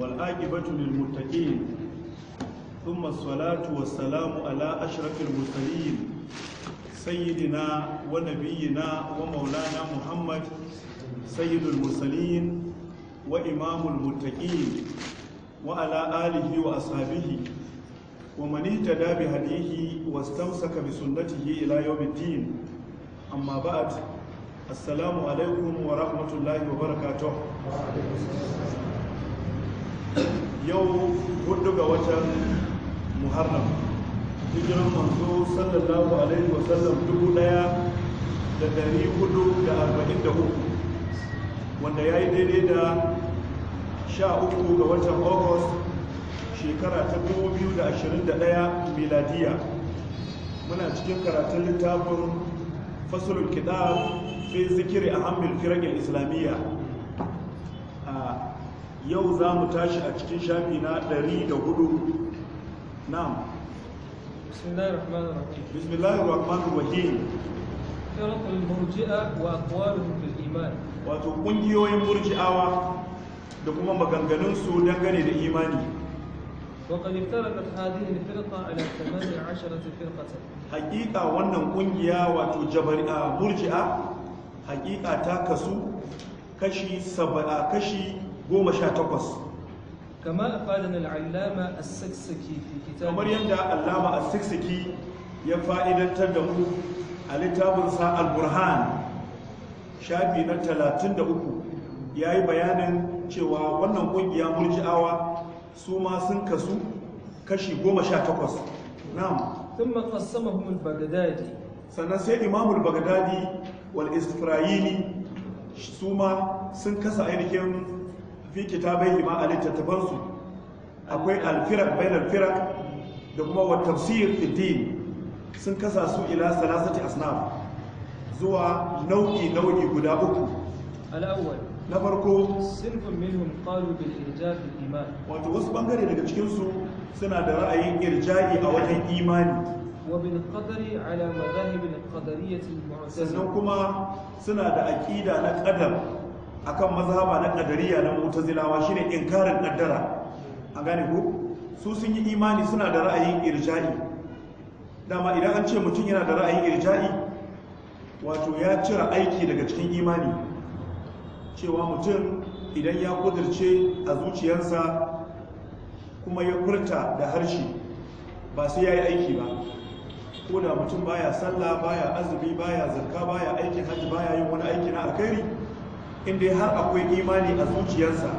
والعاقبة للمتقين ثم الصلاة والسلام على أشرف المرسلين سيدنا ونبينا ومولانا محمد سيد المرسلين وإمام المتقين وعلى آله وأصحابه ومن اهتدى بهديه واستمسك بسنته إلى يوم الدين أما بعد السلام عليكم ورحمة الله وبركاته yau hudu ga watan muharram hijiran manzo sallallahu alaihi sallam dubu daya da dari hudu da arba'in da uku wanda ya yi daidai da sha uku ga watan august shekara ta dubu biyu da ashirin da daya miladiya muna cikin karatun littafin fasulun kiɗa fi zikiri a hamil firagen islamiyya yau za mu tashi a cikin shafi na 104 na'am bismillahir rahim firqul murji'a wa aqwaluhum iman wato kungiyoyin murji'awa da kuma maganganun su dangane da imani وقد افترقت هذه الفرقة على 18 فرقة حقيقة wannan kungiya wato murji'a haƙiƙa ta kasu kashi 70 kashi goma sha takwas kama a fadin al'allama a saksaki fi kitab kamar yadda allama a saksaki ya fa'idantar da mu a littafinsa al-burhan shafi na talatin da uku ya yi bayanin cewa wannan ƙungiya murji'awa su ma sun kasu kashi goma sha takwas na'am ثم قسمهم البغدادي sannan sai imamul bagdadi wal isfirayini su ma sun kasa ainihin fi kitabai ma a littattafansu akwai alfirak bayan alfirak da kuma wa tafsir fiddin sun kasa su ila salasati asnaf zuwa nau'i nau'i guda uku na farko sinfin minhum qalu bil irja'i iman wato wasu bangare daga cikinsu suna da ra'ayin irja'i a wajen imani وبالقدر على Sannan kuma suna da aƙida na ƙadar. akan mazhaba na kadariya na mutazilawa shine inkarin kaddara a gane ku su sun yi imani suna da ra'ayin irja'i dama idan an ce mutum yana da ra'ayin irja'i wato ya cire aiki daga cikin imani cewa mutum idan ya kudirce a zuciyarsa kuma ya furta da harshe ba sai ya yi aiki ba ko da mutum baya sallah baya azumi baya zakka baya aikin hajji baya yin wani aiki na alkhairi inda har akwai imani a zuciyarsa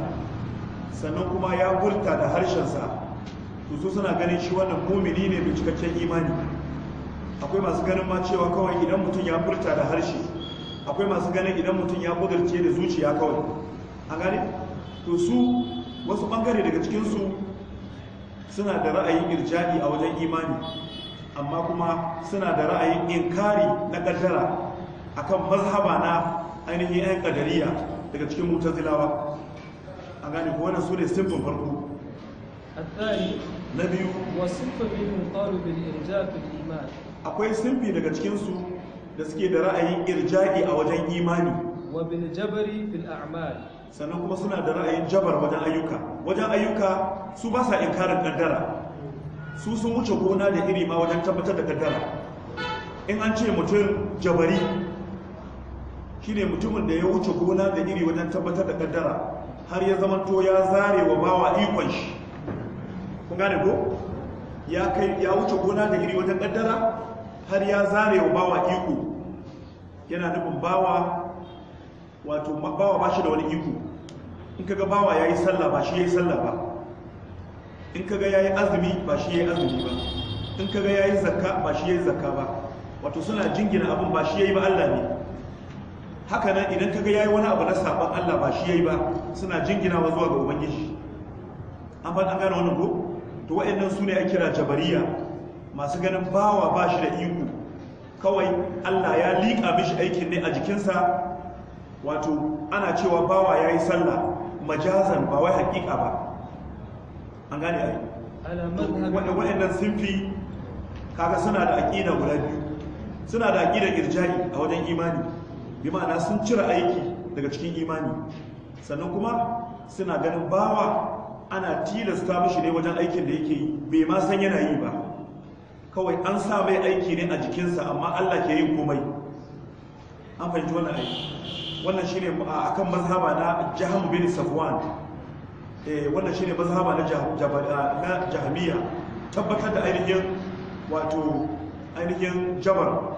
sannan kuma ya gurta da harshensa to su suna ganin shi wannan mumini ne mai cikakken imani akwai masu ganin ma cewa kawai idan mutum ya furta da harshe akwai masu ganin idan mutum ya budurce da zuciya kawai a gane to su wasu bangare daga cikinsu suna da ra'ayin irjani a wajen imani amma kuma suna da ra'ayin inkari na ƙaddara akan mazhaba na ainihin yan kadariya daga cikin zilawa a gani ko wannan sune simfin farko na biyu akwai simfi daga cikinsu da suke da ra'ayin irjaki a wajen imani sannan kuma suna da ra'ayin jabar wajen ayyuka wajen ayyuka su ba sa inkarin kaddara su sun wuce gona da iri ma wajen tabbatar da kaddara in an ce mutum jabari shine mutumin da ya wuce gona da iri wajen tabbatar da kaddara har ya zama to ya zare wa bawa ikon shi kun gane ko ya kai ya wuce gona da iri wajen kaddara har ya zare wa bawa iko yana nufin bawa wato bawa ba shi da wani iko in kaga bawa ya yi sallah ba shi ya yi sallah ba in kaga ya yi azumi ba shi ya yi azumi ba in kaga ya yi zakka ba shi ya yi zakka ba wato suna jingina abin ba shi ya yi ba Allah ne haka nan idan kaga yayi wani abu na sabon Allah ba shi yayi ba suna jingina jinginawa zuwa ga ubangiji an ba an gane wannan ko to wayannan sune a kira jabariya masu ganin bawa ba shi da iko kawai Allah ya liƙa mishi aikin ne a jikinsa wato ana cewa bawa yayi sallah majazan ba wai haƙiƙa ba an gane ai wayannan sun fi kaga suna da aqida guda biyu suna da aqidar irja'i a wajen imani bi ma'ana sun cire aiki daga cikin imani sannan kuma suna ganin bawa ana tilasta mishi ne wajen aikin da yake yi bai ma san yana yi ba kawai an sa mai aiki ne a jikinsa amma Allah ke yin komai an fahimci wannan aiki wannan shine akan mazhaba na Jaham bin Safwan eh wannan shine mazhaba na eh, na Jahmiya tabbatar da ainihin wato ainihin jabar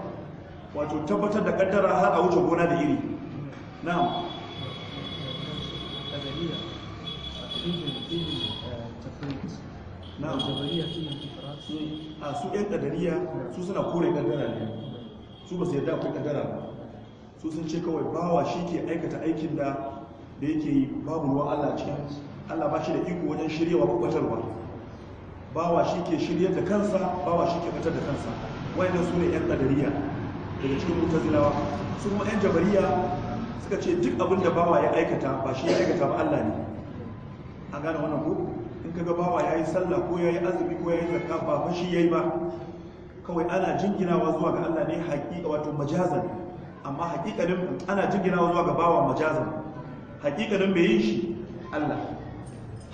wato tabbatar da kaddara har a wuce gona da iri na'am na'am su yan kadariya su suna kore kaddara ne su ba su yadda akwai kaddara ba su sun ce kawai bawa shi ke aikata aikin da da yake yi babu ruwa Allah ce Allah ba shi da iko wajen shiryawa ko kwatarwa bawa shi ke shiryar da kansa bawa shi ke kwatar da kansa wayannan su ne yan kadariya daga cikin mutazilawa su ma yan jabariya suka ce duk abin da bawa ya aikata ba shi ya aikata ba Allah ne an gane wannan ko in kaga bawa ya yi sallah ko ya yi azumi ko ya yi zakka ba ba shi ya yi ba kawai ana jinginawa zuwa ga Allah ne haƙiƙa wato majazan amma haƙiƙanin ana jinginawa zuwa ga bawa majazan haƙiƙanin bai yi shi Allah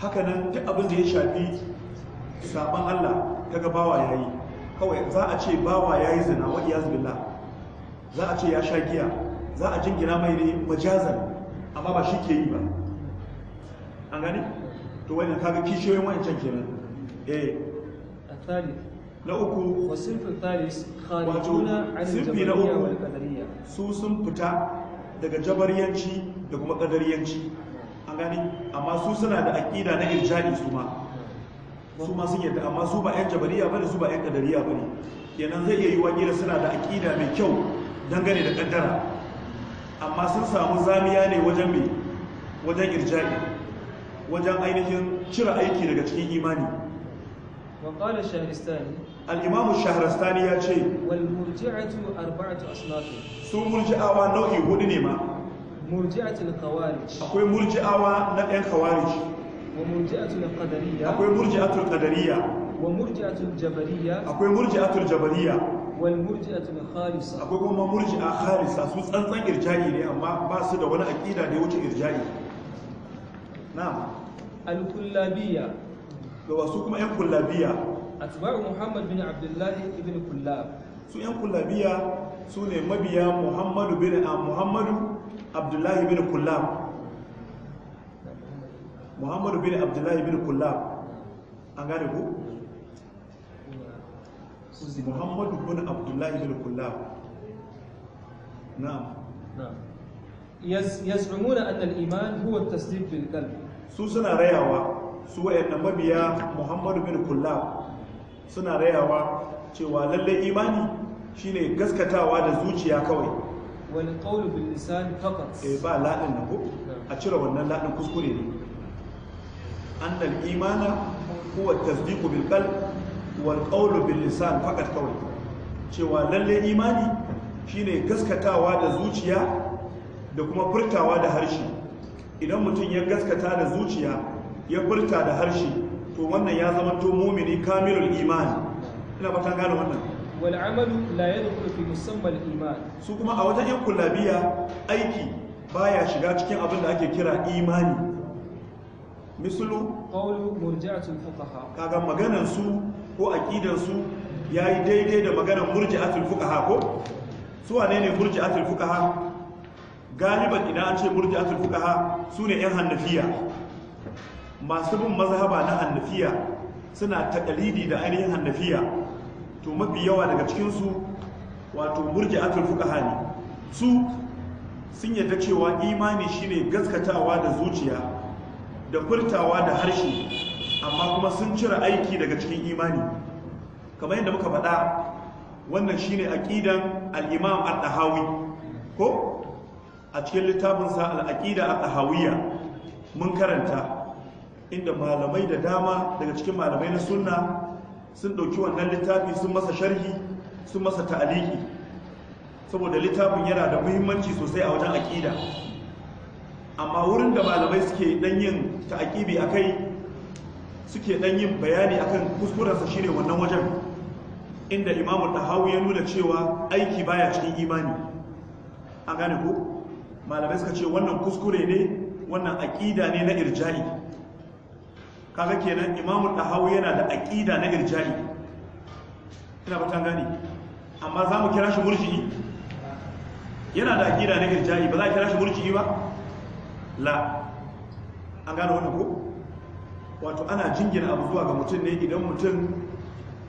hakanan duk abin da ya shafi saban Allah kaga bawa ya yi kawai za a ce bawa ya yi zina wa iyaz za a ce ya sha giya za a jingina mai ne majazan amma ba shi ke yi ba an gani to wani kaga kishiyoyin wancan kenan eh na uku wa sinfin thalis kharijuna jabariya su sun fita daga jabariyanci da kuma kadariyanci. an gani amma su suna da aƙida na irjani su ma su ma sun yadda amma su ba yan jabariya bane su ba yan ba bane kenan zai iya yi wa gida suna da aƙida mai kyau dangane da kaddara amma sun samu zamiya ne wajen mai wajen irjani wajen ainihin cire aiki daga cikin imani وقال shahristani al-imam shahristani ya ce su murji'awa nau'i hudu ne ma akwai murji'awa na ɗan Kawarij. wa akwai murji'atul Kadariya. wa akwai murji'atul jabariyya wal murji'atu khalisa akwai kuma murji'a khalisa su tsantsan irja'i ne amma ba su da wani aqida da ya wuce irja'i na'am al kullabiyya da wasu kuma yan kullabiya atba'u muhammad bin abdullah ibn kullab su yan kullabiya su ne mabiya muhammad bin muhammadu abdullah bin kullab muhammadu bin abdullah bin kullab an gane ku muhammadu bin abdullahi bin kullab na'am yaz'umuna anna al-iman huwa at-tasdiq bil qalb su suna rayawa su wayannan mabiya muhammadu bin kullab suna rayawa cewa lalle imani shine gaskatawa da zuciya kawai wal qawlu bil lisan faqat eh ba ladin nan ko a cire wannan ladin kuskure ne annal imana huwa at-tasdiq bil qalb wal qawlu bil lisan faqat cewa lalle imani shine gaskatawa da zuciya da kuma furtawa da harshe idan mutum ya gaskata da zuciya ya furta da harshe to wannan ya zama to mumini kamilul imani ina ba ta gane wannan wal amalu la yadkhulu fi musamma iman su kuma a wajen yankun kullabiya aiki baya shiga cikin abin da ake kira imani misalu qawlu murji'atul fuqaha kaga maganan su ko aqidansu yayi daidai da maganar murji'atul fuqaha ko su wane ne murji'atul fuqaha galiban idan an ce murji'atul fuqaha sune yan hannafiya masu bin mazhaba na hannafiya suna takalidi da ainihin hannafiya to mafi yawa daga cikin su wato murji'atul fuqaha ne su sun yadda cewa imani shine gaskatawa da zuciya da furtawa da harshe amma kuma sun cire aiki daga cikin imani kamar yadda muka faɗa wannan shine aqidan al-imam al-dahawi ko a cikin sa al-aqida al-dahawiyya mun karanta inda malamai da dama daga cikin malamai na sunna sun ɗauki wannan littafi sun masa sharhi sun masa ta'aliki saboda littafin yana da muhimmanci sosai a wajen aqida amma wurin da malamai suke dan yin a kai. suke dan yin bayani akan kuskurensa shine wannan wajen inda imamu tahawi ya nuna cewa aiki baya cikin imani an gane ko malamai suka ce wannan kuskure ne wannan aqida ne na irja'i kaga kenan imamu tahawi yana da aqida na irja'i ina ba gane amma za mu kira shi murji'i yana da aqida na irja'i ba za a kira shi murji'i ba la an gane wannan ko wato ana jingina abu zuwa ga mutum ne idan mutum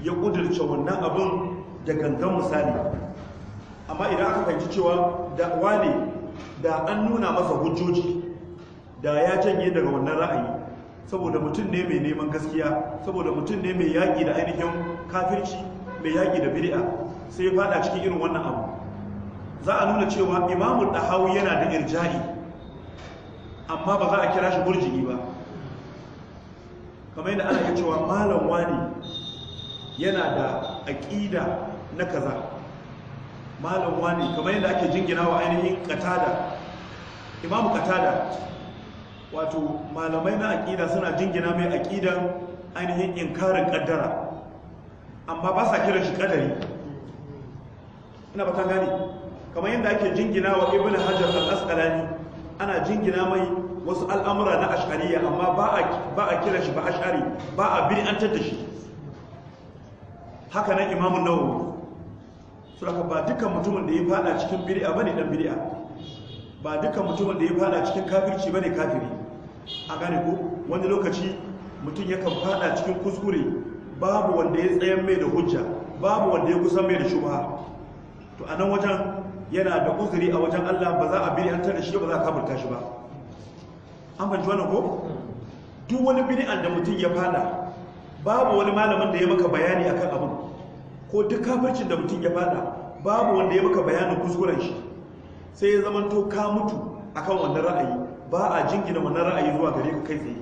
ya ƙudurce wannan abin da gangan misali amma idan aka fahimci cewa da wane da an nuna masa hujjoji da ya janye daga wannan ra'ayi saboda mutum ne mai neman gaskiya saboda mutum ne mai yaƙi da ainihin kafirci mai yaƙi da bid'a sai ya fada cikin irin wannan abu za a nuna cewa imamul dahawi yana da irja'i amma ba za a kira shi murji'i ba kamar yadda ana iya cewa malam wani yana da aƙida na kaza malam wani kamar yadda ake jingina wa ainihin katada imamu katada wato malamai na aƙida suna jingina mai aƙidan ainihin inkarin ƙaddara amma ba sa kiran shi ƙadari ina bakan gani kamar yadda ake jingina wa ibn hajar al-asqalani ana jingina mai wasu al'amura na ashariya amma ba a kira shi ba ashari ba a biri an tattashi haka nan imamun nawawi su ba dukkan mutumin da ya fada cikin ba bane dan a? ba dukkan mutumin da ya fada cikin kafirci bane kafiri a gane ko wani lokaci mutum yakan fada cikin kuskure babu wanda ya tsayan mai da hujja babu wanda ya kusan mai da shubha to a nan wajen yana da uzuri a wajen Allah ba za a bid'antar da shi ba za a kafirta shi ba an fahimci wannan ko duk wani bid'an da mutum ya fada babu wani malamin da ya maka bayani akan abin ko duk kafircin da mutum ya fada babu wanda ya maka bayanin kuskuren shi sai ya zama to ka mutu akan wannan ra'ayi ba a jingina wannan ra'ayi zuwa gare ka kai tsaye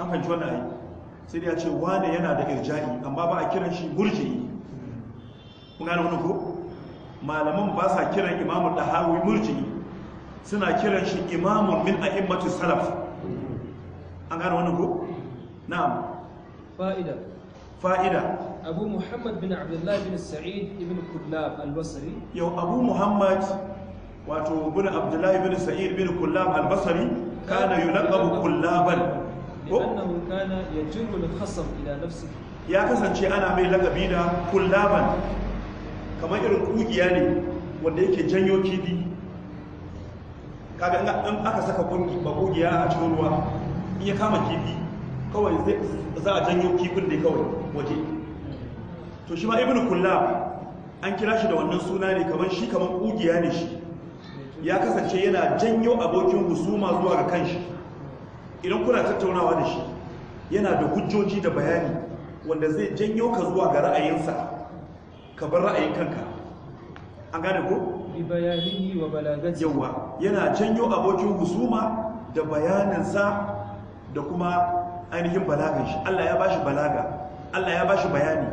an fahimci wannan ayi sai ya ce wane yana da irja'i amma ba a kiran shi murji'i kun gane wani ko malaman ba sa kiran imamu da hawi murji'i suna kiran shi imamun min a'immatu salaf an gane wannan ko na'am fa'ida fa'ida abu muhammad bin abdullahi bin sa'id ibn kullab al-basri yau abu muhammad wato bin abdullahi bin sa'id bin kullab al-basri kana yulaqabu kullaban لأنه كان يجر الخصم إلى نفسه ya kasance ana mai lagabi da kullaban kamar irin kugiya ne wanda yake janyo kidi kaga in aka saka ba ƙugiya a cikin ruwa in ya kama kifi kawai za a janyo kifin ne kawai waje to shi ma ibn kulla an kira shi da wannan suna ne kamar shi kamar kugiya ne shi ya kasance yana janyo abokin husuma zuwa ga kanshi idan kuna tattaunawa da shi yana da hujjoji da bayani wanda zai janyo ka zuwa ga ra'ayinsa ka bar ra'ayin kanka an gane ko bi bayanihi wa balagati yawa yana janyo abokin husuma da bayaninsa da kuma ainihin balagan shi Allah ya bashi balaga Allah ya bashi bayani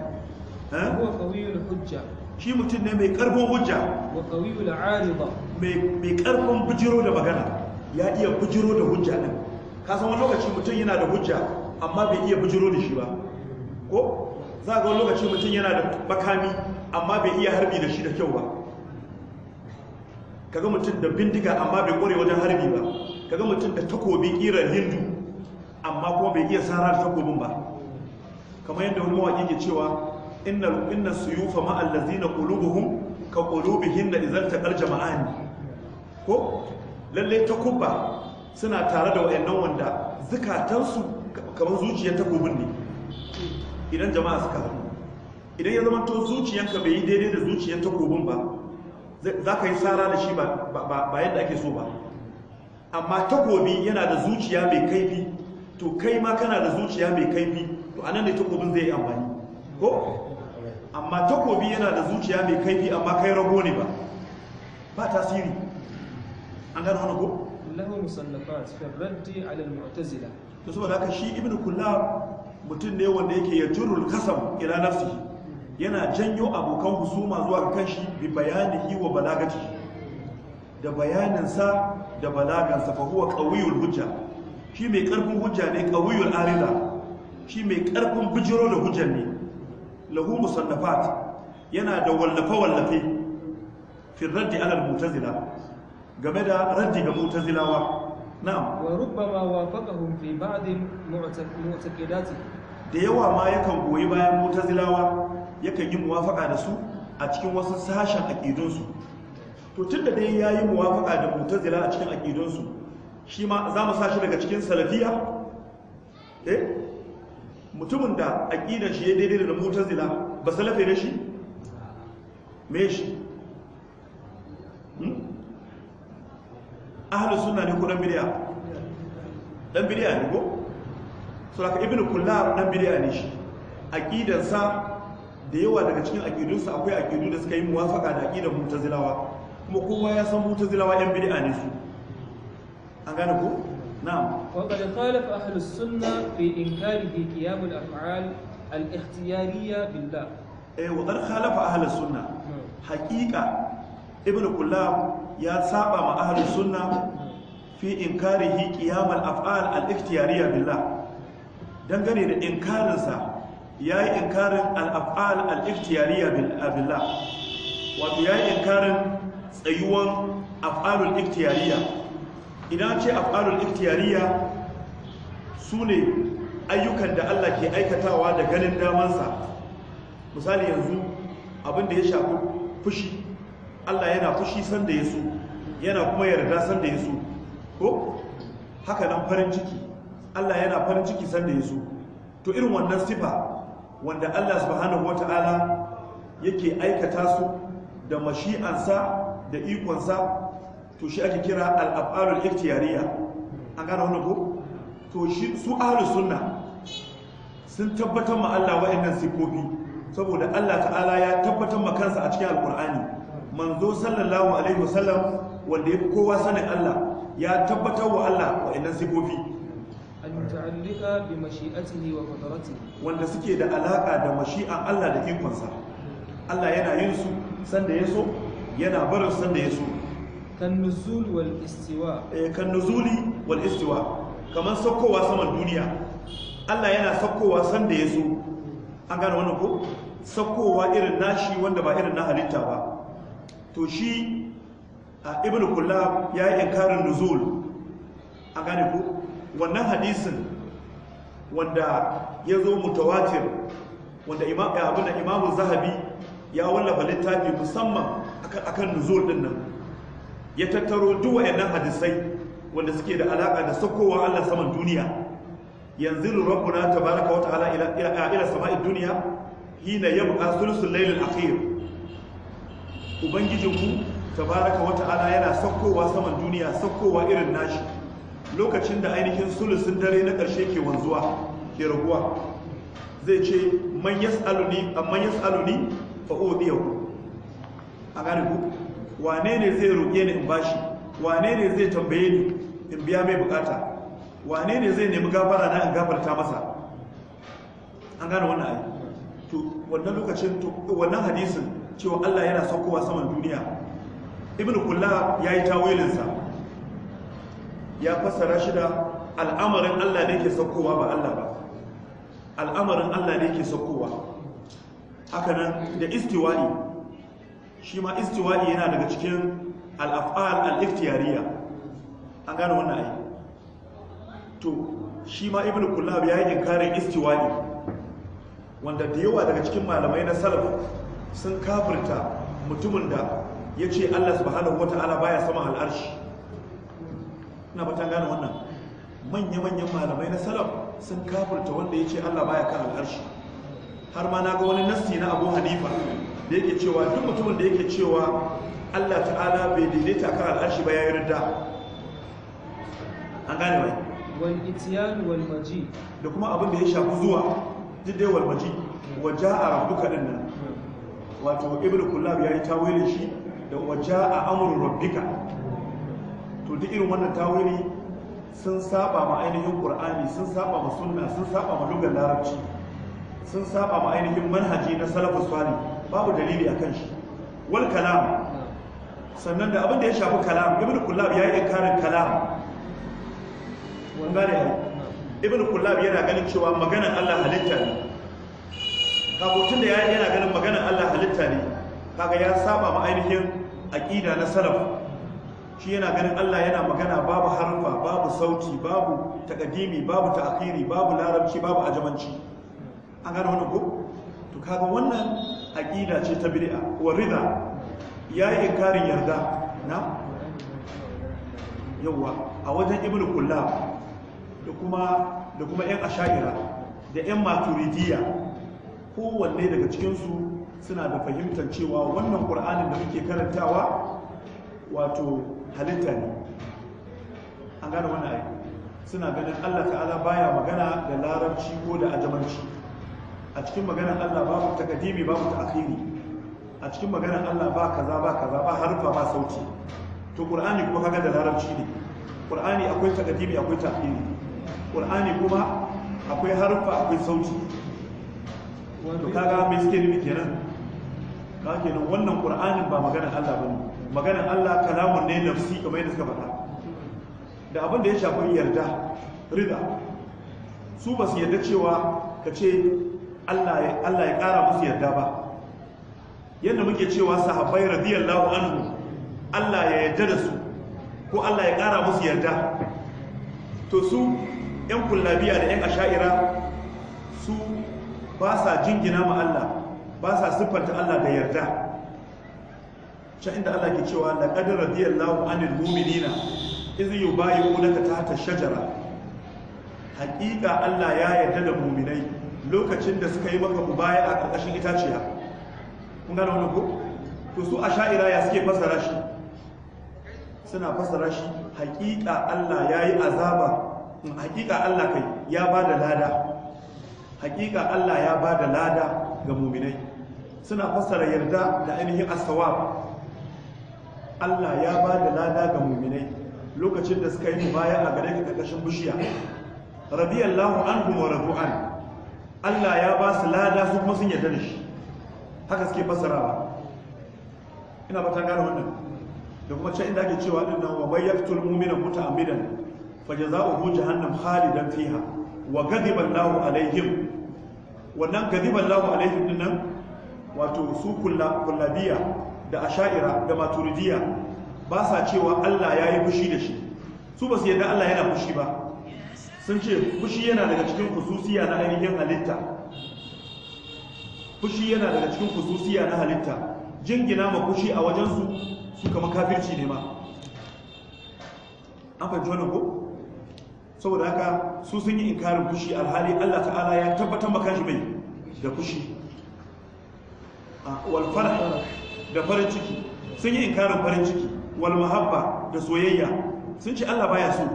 ha huwa qawiyul hujja shi mutum ne mai karfin hujja wa qawiyul arida mai mai karfin bujiro da magana ya iya bujiro da hujja din ka san wani lokaci mutum yana da hujja amma bai iya bujiro da shi ba ko za ga wani lokaci mutum yana da makami amma bai iya harbi da shi da kyau ba kaga mutum da bindiga amma bai kware wajen harbi ba kaga mutum da takobi kiran hindu amma kuma bai iya sara da takobin ba kamar yadda wani mawaƙi ke cewa inna inna suyufa ma allazina qulubuhum ka idan ta kar jama'ani ko lalle kubba suna tare da wayannan wanda zukatansu kamar zuciyar takobin ne idan jama'a suka haɗu idan ya zama to zuciyanka bai yi daidai da zuciyar takobin ba za ka yi tsara da shi ba yadda ake so ba amma takobi yana da zuciya mai kaifi to kai ma kana da zuciya mai kaifi to a nan ne takobin zai yi amfani ko amma takobi yana da zuciya mai kaifi amma kai rago ne ba ba tasiri an gano wani ko? lahu musannafat firraddi alal mu'tazila to saboda haka shi ibnu kullab mutum ne wanda yake yajurul kasam ila nafsihi yana janyo abokan husuma zuwa kan shi bi hi wa balagati da bayaninsa da balagansa fa huwa qawiyul hujja shi mai karfin hujja ne qawiyul arila shi mai karfin bijiro da hujjar ne lahu musannafat yana da wallafe wallafe fi raddi ala mu'tazila game da raddi ga mu'tazilawa na'am wa rubbama wafaqahum fi ba'd mu'taqidatihim da yawa ma yakan goyi bayan mu'tazilawa yakan yi muwafaka da su a cikin wasu sashen aƙidunsu to tun da dai ya yi muwafaka da mutazila a cikin aƙidunsu shi ma za mu sashi daga cikin salafiya eh mutumin da aƙidar shi ya daidai da mutazila ba salafe ne shi me shi hmm? ahalus suna ne ko dan bid'a dan bid'a ne ko so like kula dan bid'a ne shi aqidansa da yawa daga cikin aqidunsu akwai aqidu da suka yi muwafaka da aqidar mu'tazilawa kuma kowa ya san mu'tazilawa yan bid'a ne su an gane ko na'am wa qad khalafa ahli sunna fi inkarihi qiyam al af'al al ikhtiyariyya billah eh wa qad khalafa ahli sunna hmm. haqiqa ibnu kullab ya saba ma ahli sunna fi inkarihi qiyam al af'al al ikhtiyariyya billah dangane da inkarinsa ya yi inkarin al'af'al al'iftiyariya billah wato ya yi inkarin tsayuwan af'alul iftiyariya idan ce af'alul iftiyariya su ne ayyukan da Allah ke aikatawa da ganin damansa misali yanzu abinda ya shafi fushi Allah yana fushi sanda ya so yana kuma yarda sanda ya so ko haka nan farin ciki Allah yana farin ciki sanda ya so to irin wannan sifa wanda Allah subhanahu wata'ala yake aikata su da mashi'ansa da ikonsa to shi ake kira al-af'alul an gane ko to shi su ahlus sunna sun tabbatar ma Allah wa'annan sifofi saboda Allah ta'ala ya tabbatar ma kansa a cikin alkur'ani manzo sallallahu alaihi wasallam wanda ya kowa sanin Allah ya tabbatar wa Allah wa'annan sifofi al-muta'alliqa bi mashi'atihi wa qadaratihi wanda suke da alaka da mashi'an Allah da ikonsa Allah yana yin su sanda yaso yana barin sanda yaso kan nuzul wal istiwa eh kan nuzuli wal istiwa kamar saukowa saman duniya Allah yana saukowa sanda yaso an gane wannan ko saukowa irin nashi wanda ba irin na halitta ba to shi a ibn kullab ya yi inkarin nuzul a gane ko wannan hadisin wanda ya zo mutawatir wanda eh, abin da imamun zahabi ya wallafa littafi musamman akan nuzul din nan ya tattaro duk wayannan hadisai wanda suke da alaka da sakowa Allah saman duniya yanzu rabbuna tabaraka wa ta'ala ila ila ila sama'id dunya hina yabqa thuluthul layl al-akhir ubangijinku tabaraka wa ta'ala yana sakowa saman duniya sakowa irin nashi lokacin da ainihin sulusun dare na ƙarshe ke wanzuwa ke raguwa zai ce man yas'aluni aluni a fa udiyahu a gane ku wane ne zai roƙe ni in bashi wane ne zai tambaye ni in biya mai bukata wane ne zai nemi gafara na in gafarta masa an gane wannan ayi to wannan lokacin to wannan hadisin cewa Allah yana saukowa saman duniya ibnu ya yayi tawilinsa ya fassara shi da al'amarin Allah ne ke saukowa ba Allah ba al'amarin Allah ne ke saukowa hakanan da istiwa'i shi ma istiwa'i yana daga cikin al'af'al al'iftiyariya an gane wannan ai to shi ma ibn kullab ya yi inkarin istiwa'i wanda da yawa daga cikin malamai na salaf sun kafirta mutumin da ya ce Allah subhanahu wata'ala baya sama al'arshi ina bata gane wannan manya-manyan malamai na salaf sun kafurta wanda ya ce allah baya kan al'arshi har ma na ga wani nassi na abu hanifa da yake cewa duk mutumin da yake cewa allah ta'ala bai daidaita kan al'arshi ba ya yi rida an gane mai wani itiyanu wal maji da kuma abin da ya shafi zuwa duk dai maji waja a rabbuka din nan wato ibn kullab yi tawilin shi da waja a amurin rabbika duk irin wannan tawili sun saba ma ainihin qur'ani sun saba ma sunna sun saba ma lugar larabci sun saba ma ainihin manhaji na salafus salih babu dalili akan shi wal kalam sannan da abin da ya shafi kalam ibn kullab yayi inkarin kalam wanda ne ibn kullab yana ganin cewa maganan Allah halitta ne kafin da yana ganin maganan Allah halitta ne kaga ya saba ma ainihin aqida na salaf shi yana ganin Allah yana magana babu harfa babu sauti babu takadimi babu ta'khiri babu larabci babu ajamanci an gano wannan ko to kaga wannan aqida ce ta bid'a wa ridha yayi inkarin yarda na yawa a wajen ibnu kullab da kuma da kuma yan asha'ira da yan maturidiyya kowanne daga cikin su suna da fahimtar cewa wannan qur'anin da muke karantawa wato halitta ne an gane wani ayi suna ganin allah ta'ala baya magana da larabci ko da ajamanci a cikin maganar allah babu takadimi babu ta'akhiri a cikin maganar allah ba kaza ba kaza ba harfa ba sauti to qur'ani kuma kaga da larabci ne qur'ani akwai takadimi akwai ta'akhiri qur'ani kuma akwai harfa akwai sauti to kaga me suke nufi kenan kaga kenan wannan qur'anin ba maganar allah bane maganar Allah kalamun ne nafsi kamar yadda suka faɗa da abin da ya shafi yarda rida su ba su yarda cewa ka ce Allah ya ƙara musu yarda ba yadda muke cewa sahabbai radiyallahu anhu Allah ya yarda da su ko Allah ya ƙara musu yarda to su 'yan kullabiya da 'yan asha'ira su ba sa jingina ma Allah ba sa siffanta Allah da yarda can inda Allah ke cewa da laqad radiyallahu anil mu'minina iz yubayyi'unaka tahta shajara haƙiƙa Allah ya yarda da mu'minai lokacin da suka yi maka mubaya a ƙarƙashin itaciya kun gane wannan ko to su asha'ira ya suke fasara shi suna fasara shi haƙiƙa Allah ya yi azaba mm, haƙiƙa Allah kai ya ba da lada haƙiƙa Allah ya ba da lada ga mu'minai suna fasara yarda da ainihin as-sawab Allah ya ba da lada ga muminai lokacin da suka yi baya a gare ka karkashin bishiya radiyallahu anhu wa radu'an Allah ya ba su lada su kuma sun yarda da shi haka suke fasarawa ina ba ta gane wannan da kuma can inda ake cewa din nan wa bayyaktul mu'mina muta'ammidan fajaza'uhu jahannam khalidan fiha wa ghadiba Allahu alaihim wannan ghadiba Allahu alaihim din nan wato su kullabiya da asha'ira da maturidiya ba sa cewa Allah ya yi fushi da shi su ba su yadda Allah yana fushi ba sun ce fushi yana daga cikin kususiya na ainihin halitta fushi yana daga cikin kususiya na halitta jingina ma fushi a wajensu su kama kafirci ne ma an fahimci wannan ko saboda haka su sun yi inkarin fushi alhali Allah ta'ala ya tabbatar makashi mai da fushi A ah, farah da farin ciki sun yi inkarin farin ciki wal mahabba da soyayya sun ce Allah baya so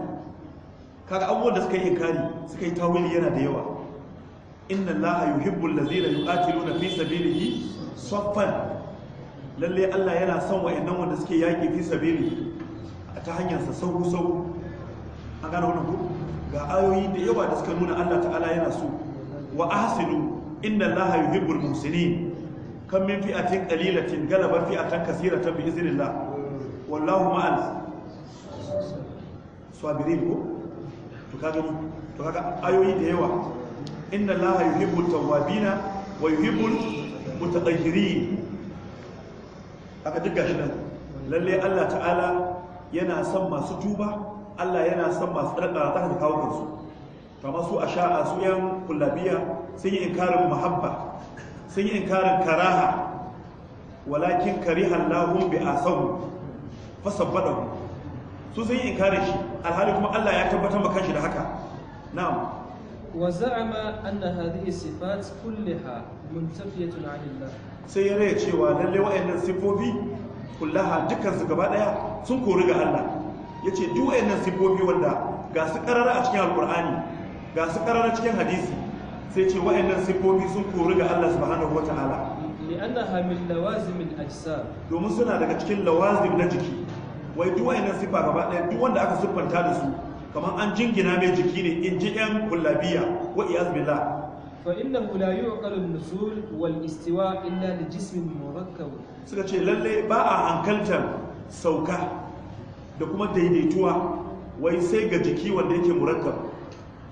kaga abubuwan da suka yi inkari suka yi tawili yana da yawa inna Allah yuhibbul ladzina yuqatiluna fi sabilihi saffan lalle Allah yana son wa'annan wanda suke yaki fi sabili ta hanyar sa sau sau an gano wannan ko ga ayoyi da yawa da suka nuna Allah ta'ala yana so wa ahsinu inna Allah yuhibbul muhsinin kan min fi'atin qalilatin galaba fi'atan kasiratan bi iznillah wallahu ma'al sabirin ko to kaga to kaga ayoyi da yawa inna allaha yuhibbu tawwabina wa yuhibbu mutatahhirin aka duka shi nan lalle Allah ta'ala yana son masu tuba Allah yana son masu tsarkara ta kawo kansu kamar su a sha su yan kullabiya sun yi inkarin muhabba sun yi inkarin karaha walakin karihan lahun bi asahu fasabbadahu su sun yi inkarin shi alhali kuma Allah ya tabbatar maka shi da haka na'am wa za'ama anna hadhihi sifat kullaha muntafiyatun 'an sai ya raya cewa lalle wayannan sifofi kullaha dukkan su gaba daya sun kori ga Allah yace duk wayannan sifofi wanda ga su karara a cikin alqur'ani ga su karara cikin hadisi sai ce wa'annan siffofi sun kori ga Allah subhanahu ta'ala li'annaha min lawazim ajsam domin suna daga cikin lawazim na jiki wai duk wa'annan siffa gaba ɗaya duk wanda aka siffanta da su kamar an jingina mai jiki ne in ji yan kullabiya wa iyaz la yu'qalu wal istiwa illa li jismin suka ce lalle ba a hankaltar sauka da kuma daidaituwa wai sai ga jiki wanda yake murakkab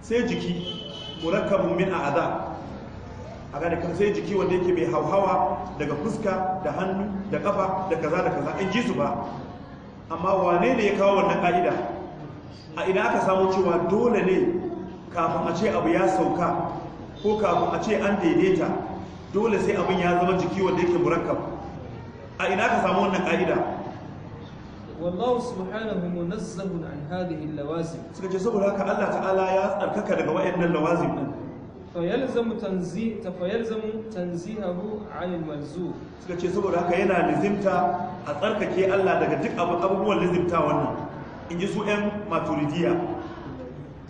sai jiki murakkabun min a'za a ga da sai jiki wanda yake mai hauhawa daga fuska da hannu da kafa da kaza da kaza an ji su ba amma wane ne ya kawo wannan ka'ida a ina aka samu cewa dole ne kafin a ce abu ya sauka ko kafin a ce an daidaita dole sai abin ya zama jiki wanda yake murakkab a ina aka samu wannan ka'ida wallahu subhanahu munazzahun an hadhihi lawazim suka ce saboda haka Allah ta'ala ya tsarkaka daga wayannan lawazim din fayalzamu tanzi ta fayalzamu tanzihahu anil ce saboda haka yana lizimta a tsarkake Allah daga duk abubuwan lizimta wannan in ji su ƴan maturidiya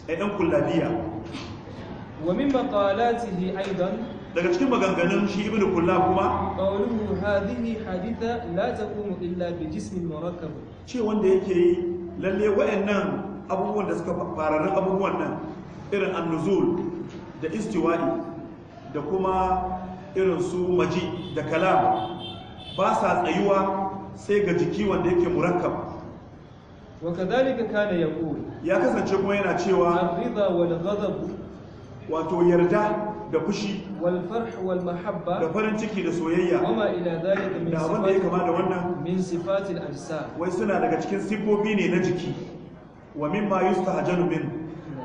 ƴan kullabiya wa min maqalatihi daga cikin maganganun shi ibn kulla kuma qawluhu hadhihi haditha la taqumu illa bi jismin murakkab ce wanda yake yi lalle wayannan abubuwan da suka ran abubuwan nan irin annuzul da istiwa'i da kuma irin su maji da kalam ba sa tsayuwa sai ga jiki wanda yake murakkab wa kadhalika kana yaqul ya kasance kuma yana cewa ar wal ghadab wato yarda da fushi wal farh wal da farin ciki da soyayya wama ila zalika da ya kama da wannan wai suna daga cikin sifofi ne na jiki wa min ma yusta yustahjanu min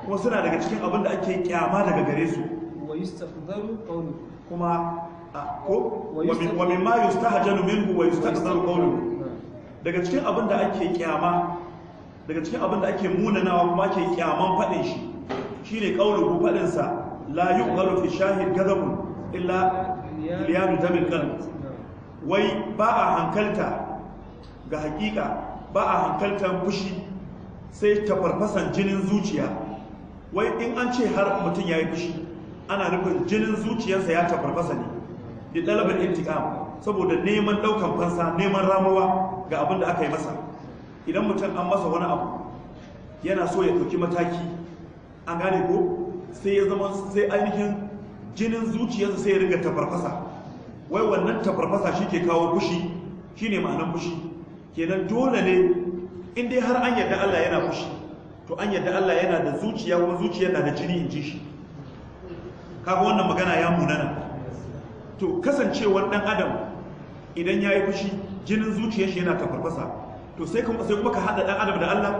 kuma suna daga cikin abin da ake kyama daga gare su wa yustahdaru qawlu kuma ko wa mimma yustahjanu minhu wa yustahdaru qawlu daga cikin abin da ake kyama daga cikin abin da ake munanawa kuma ake kyaman fadin shi shine qawlu fadin sa لا يغل في شاهد كذب illa ليان دم القلب wai ba a ga hakika ba a hankaltan fushi sai ta jinin zuciya wai in an ce har mutum ya yi fushi ana nufin jinin zuciyarsa ya tafarfasa ne da dalibin intikam saboda neman ɗaukan fansa neman ramuwa ga abin da aka yi masa idan mutum an masa wani abu yana so ya ɗauki mataki an gane ko sai ya zama sai ainihin jinin zuciyarsa sai ya riga tafarfasa wai wannan tafarfasa shi ke kawo fushi shi ne ma'anar fushi kenan dole ne in dai har an yadda Allah yana fushi to an yadda Allah yana da zuciya kuma zuciya na da jini in ji shi kaga wannan magana ya munana to kasancewar dan adam idan ya yi fushi jinin zuciyar shi yana tafarfasa to sai kuma sai kuma ka hada dan adam da Allah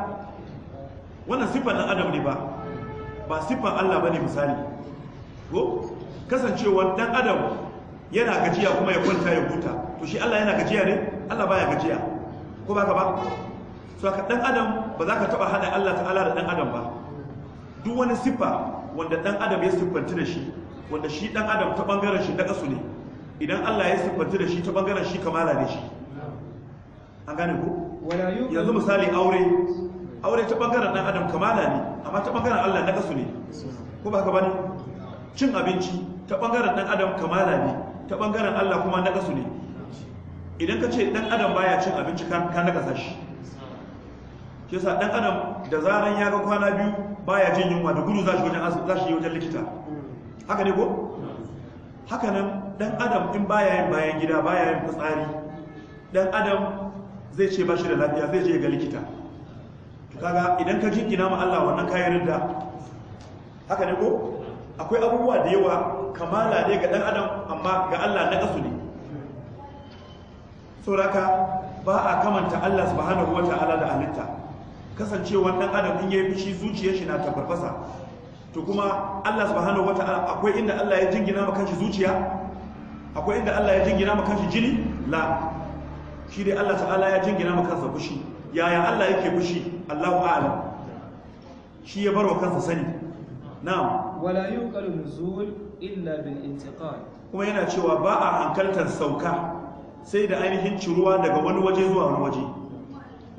wannan sifar dan adam ne ba ba siffan Allah ba ne misali ko kasancewar dan adam yana gajiya kuma ya kwanta ya huta to shi Allah yana gajiya ne Allah baya gajiya ko baka ba so ka dan adam ba za ka taba hada Allah ta'ala da dan adam ba duk wani siffa wanda dan adam ya siffanta da shi wanda shi dan adam ta bangaren shi daga su ne idan Allah ya siffanta da shi ta bangaren shi kamala ne shi an gane ko yanzu misali aure aure ta bangaren dan adam kamala ne amma ta bangaren Allah na kasu ne ko ba ka bane cin abinci ta bangaren dan adam kamala ne ta bangaren Allah kuma na kasu ne idan ka ce dan adam baya cin abinci ka na kasa shi shi yasa dan adam da zaran ya ga kwana biyu baya jin yunwa da gudu za shi wajen za shi wajen likita haka ne ko haka nan dan adam in baya yin bayan gida baya yin fitsari dan adam zai ce ba shi da lafiya zai je ga likita kaga idan ka jingina ma Allah wannan kayan ridda haka ne ko akwai abubuwa da yawa kamala ne ga dan adam amma ga Allah na kasu ne raka ba a kamanta Allah subhanahu wata'ala da halitta kasancewar dan adam din yayi fushi zuciyar shi na tafarfasa to kuma Allah subhanahu wata'ala akwai inda Allah ya jingina maka shi zuciya akwai inda Allah ya jingina maka shi jini la shi dai Allah ta'ala ya jingina ma sa fushi yaya Allah yake fushi Allahu a'lam shi ya barwa kansa sani na'am wala yuqalu nuzul illa bil intiqal kuma yana cewa ba a hankaltar sauka sai da ainihin ciruwa daga wani waje zuwa wani waje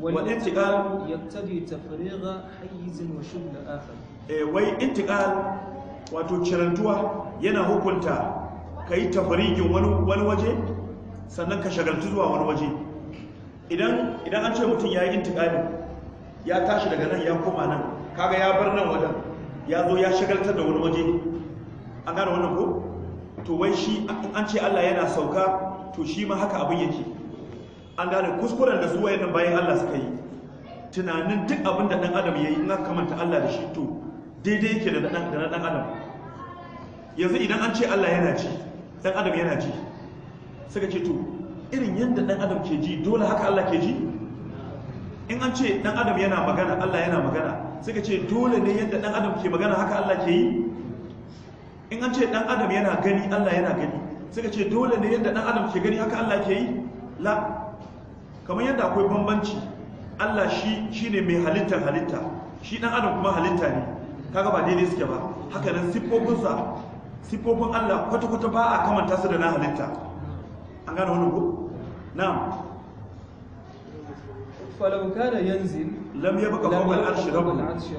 wal intiqal yaqtadi tafriga hayz wa shughla akhar eh wai intiqal wato cirantuwa yana hukunta kai tafrigin wani wani waje sannan ka shagaltu zuwa wani waje idan idan an ce mutum ya yi intikami ya tashi daga nan ya koma nan kaga ya bar nan wajen ya zo ya shagaltar da wani waje an gane wannan ko to wai shi an ce Allah yana sauka to shi ma haka abin yake an gane kuskuren da su wayannan bayan Allah suka yi tunanin duk abin da dan adam yayi in aka kamanta Allah da shi to daidai yake da dan da dan adam yanzu idan an ce Allah yana ci dan adam yana ci suka ce to irin yadda ɗan adam ke ji dole haka Allah ke ji in an ce ɗan adam yana magana Allah yana magana suka ce dole ne yadda ɗan adam ke magana haka Allah ke yi in an ce ɗan adam yana gani Allah yana gani suka ce dole ne yadda ɗan adam ke gani haka Allah ke yi la kamar yadda akwai bambanci Allah shi ne mai halittar halitta shi ɗan adam kuma halitta ne kaga ba daidai suke ba haka nan siffofinsa siffofin Allah kwata-kwata ba a kamanta su da na halitta an gane wani ko na'am falau kana yanzil lam yabqa fawqa al-arshi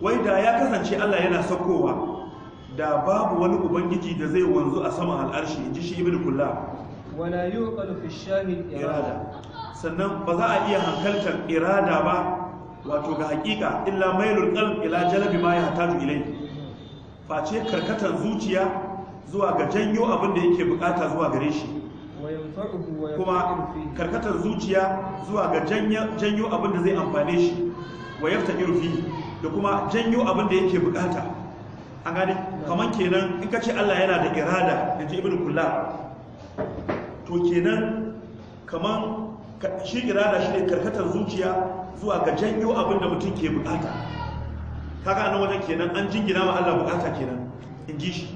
wai da ya kasance Allah yana sakowa da babu wani ubangiji da zai wanzu a saman al'arshi in ji shi ibn kulla wala yuqalu fi shahid irada sannan ba za a iya hankaltar irada ba wato ga hakika illa mailul qalb ila jalbi ma yahtaju ilai face karkatar zuciya zuwa ga janyo abin da yake bukata zuwa gare shi kuma karkatar zuciya zuwa ga janyo abin da zai amfane shi wa yafta irfi da kuma janyo abin da yake bukata an gani kamar kenan in ka ce Allah yana da irada da ji ibn kula to kenan kamar shi irada shi ne karkatar zuciya zuwa ga janyo abin da mutum ke bukata kaga nan wajen kenan an jingina ma Allah bukata kenan in ji shi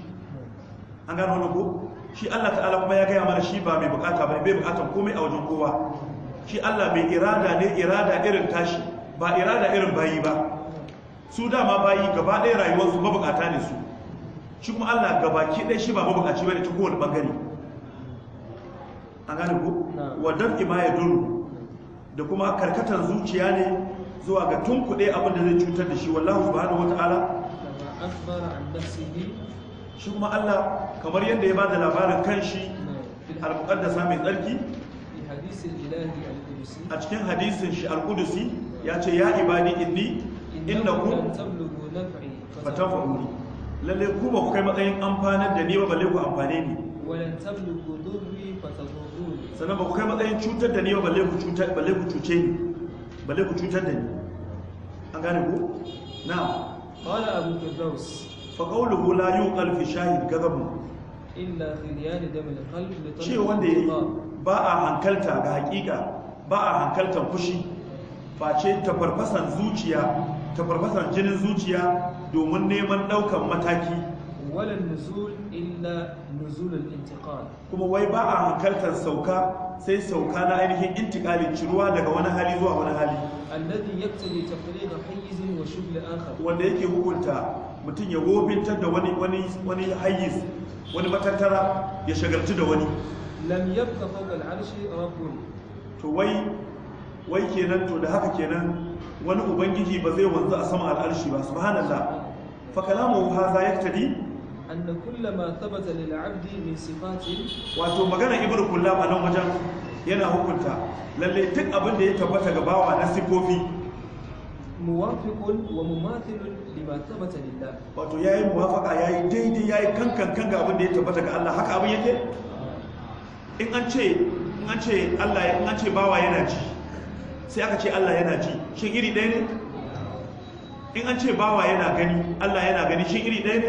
an gano wani ko shi Allah ta'ala kuma ya gaya mana shi ba mai bukata bane bai bukatan komai a wajen kowa shi Allah mai irada ne irada irin tashi ba irada irin bayi ba su dama bayi gaba ɗaya rayuwarsu mabukata ne su shi kuma Allah ki ɗaya shi ba mabukaci bane ta kowane bangare an gane ko wa ima ya duru da kuma karkatar zuciya ne zuwa ga tunkuɗe abin da zai cutar da shi wallahu subhanahu wata'ala akbara an nafsihi shi kuma Allah kamar yadda ya bada labarin kanshi al-muqaddasa mai tsarki a cikin hadisin shi al-qudusi ya ce ya ibadi inni innakum tablughu naf'i fatafa'uni lalle ku ba ku kai matsayin amfanar da ni ba balle ku amfane ni walan tablughu durri fatadurruni sannan ba ku kai matsayin cutar da ni ba balle ku cutar balle ku cuce ni balle ku cutar da ni an gane ku na'am qala abu firdaus fa qawluhu la yuqal fi shahid ghadab illa khilyan dam al qalb ce wanda ga hakika ba a hankaltan fushi face tafarfasan zuciya tafarfasan jinin zuciya domin neman daukan mataki wala nuzul illa nuzul al intiqal kuma wai ba a hankaltan sauka sai sauka na ainihin intikalin ciruwa daga wani hali zuwa wani hali alladhi yaktabi taqlid hayyiz wa shughl akhar wanda yake hukunta mutum ya wofintar da wani wani wani hayyiz wani matattara ya shagarci da wani lam yabqa fawqa al'arshi rabbun to wai wai kenan to da haka kenan wani ubangiji ba zai wanzu a sama al'arshi ba subhanallah fa kalamu hadha yaktadi anna kullama thabata lil 'abdi min sifatin wato magana ibnu kullam a nan wajen yana hukunta lalle duk abin da ya tabbata ga bawa na sifofi muwafiqun wa mumathilun bima thabata lillah wato yayi muwafaqa yayi daidai yayi kankan kan ga abin da ya tabbata ga Allah haka abin yake in an ce in an ce Allah in an ce bawa yana ji sai aka ce Allah yana ji shin iri ɗaya ne in an ce bawa yana gani Allah yana gani shin iri ɗaya ne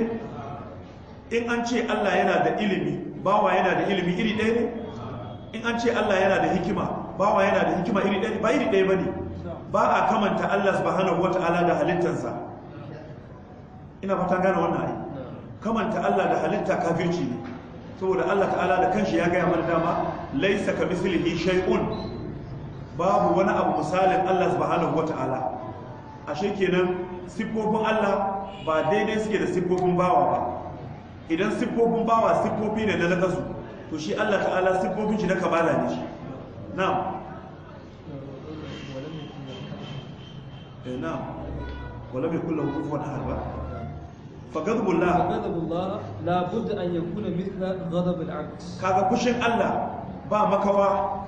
in an ce Allah yana da ilimi bawa yana da ilimi iri ɗaya ne in an ce Allah yana da hikima bawa yana da hikima iri ɗaya ba iri ɗaya bane ba a kamanta Allah subhanahu ta'ala da halittarsa ina fata gane wannan ai kamanta Allah da halitta kafirci ne saboda Allah ta'ala da kanshi ya gaya mana dama laysa ka mislihi shay'un babu wani abu misalin Allah subhanahu wata'ala ashe kenan siffofin Allah ba daidai suke da siffofin bawa ba idan siffofin bawa siffofi ne na lakasu to shi Allah ta'ala siffofin shi na kabala ne shi na'am eh, na'am wala bai kullu kufuwan ahad ba فغضب الله فغضب الله لابد يكون مثل غضب العبد كذا الله با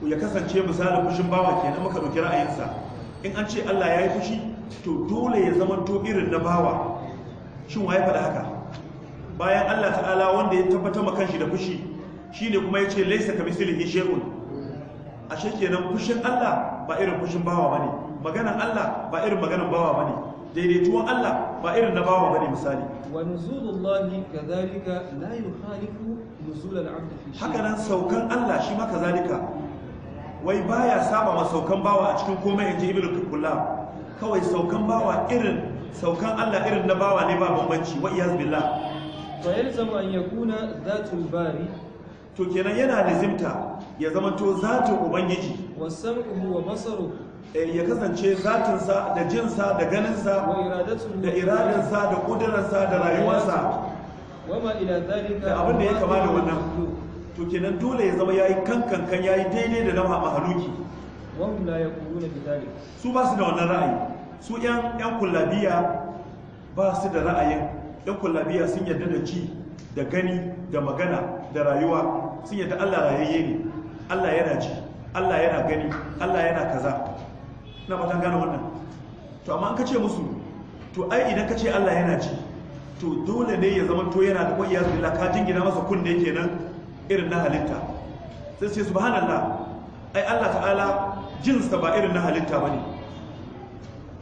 ya kasance misalin fushin bawa kenan muka dauki ra'ayinsa in an ce Allah ya yi fushi to dole ya zama to irin na bawa shin waye faɗa haka bayan Allah ta'ala wanda ya tabbata maka shi da fushi shine kuma ya ce laisa ka mislihi shay'un ashe kenan fushin Allah ba irin fushin bawa bane maganan Allah ba irin maganan bawa bane daidaituwan Allah ba irin na bawa bane misali wa nuzulullahi kadhalika la yukhalifu nuzulal abd fi shay haka nan saukan Allah shi ma kadhalika wai baya saba ma saukan bawa a cikin komai inji ibnu kullab kawai saukan bawa irin saukan Allah irin na bawa ne ba bambanci wa iyaz billah fa yalzamu an yakuna dhatul bari to kenan yana lazimta ya zamanto zatin ubangiji wasam'uhu wa basaruhu Eh, ya kasance zatinsa da jinsa da ganinsa da iradansa da kudurarsa da rayuwarsa da abin da ya kama da wannan to kenan dole ya zama ya yi kankankan ya daidai da nama mahaluki su ba su da wannan ra'ayi su 'yan kullabiya ba su da ra'ayin 'yan kullabiya sun yarda da ci da gani da magana da rayuwa sun yarda allah rayayye ne allah yana ji allah yana gani allah yana kaza na matan gane wannan to amma an kace musu to ai idan kace Allah yana ci to dole ne ya zama to yana da da billah ka jingina masa kunne kenan irin na halitta sai sai subhanallah ai Allah ta'ala jinsa ba irin na halitta bane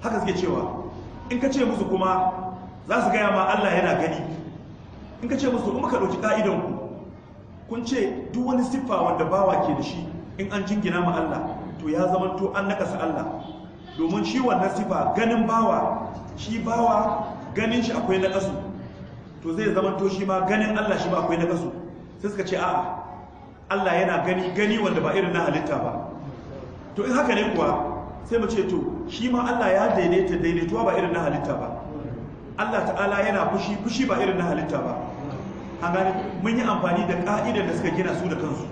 haka suke cewa in kace musu kuma za su gaya ma Allah yana gani in kace musu kuma ka dauki ka'idan kun ce duk wani siffa wanda bawa ke da shi in an jingina ma Allah to ya zama to an nakasa Allah domin shi wannan sifa ganin bawa shi bawa ganin shi akwai na kasu to zai zama to shi ma ganin Allah shi ma akwai na kasu sai suka ce a'a Allah yana gani gani wanda ba irin na halitta ba to in haka ne kuwa sai mu ce to shi ma Allah ya daidaita daidaituwa ba irin na halitta ba Allah ta'ala yana fushi fushi ba irin na halitta ba an mun yi amfani da ka'idar da suka gina su da kansu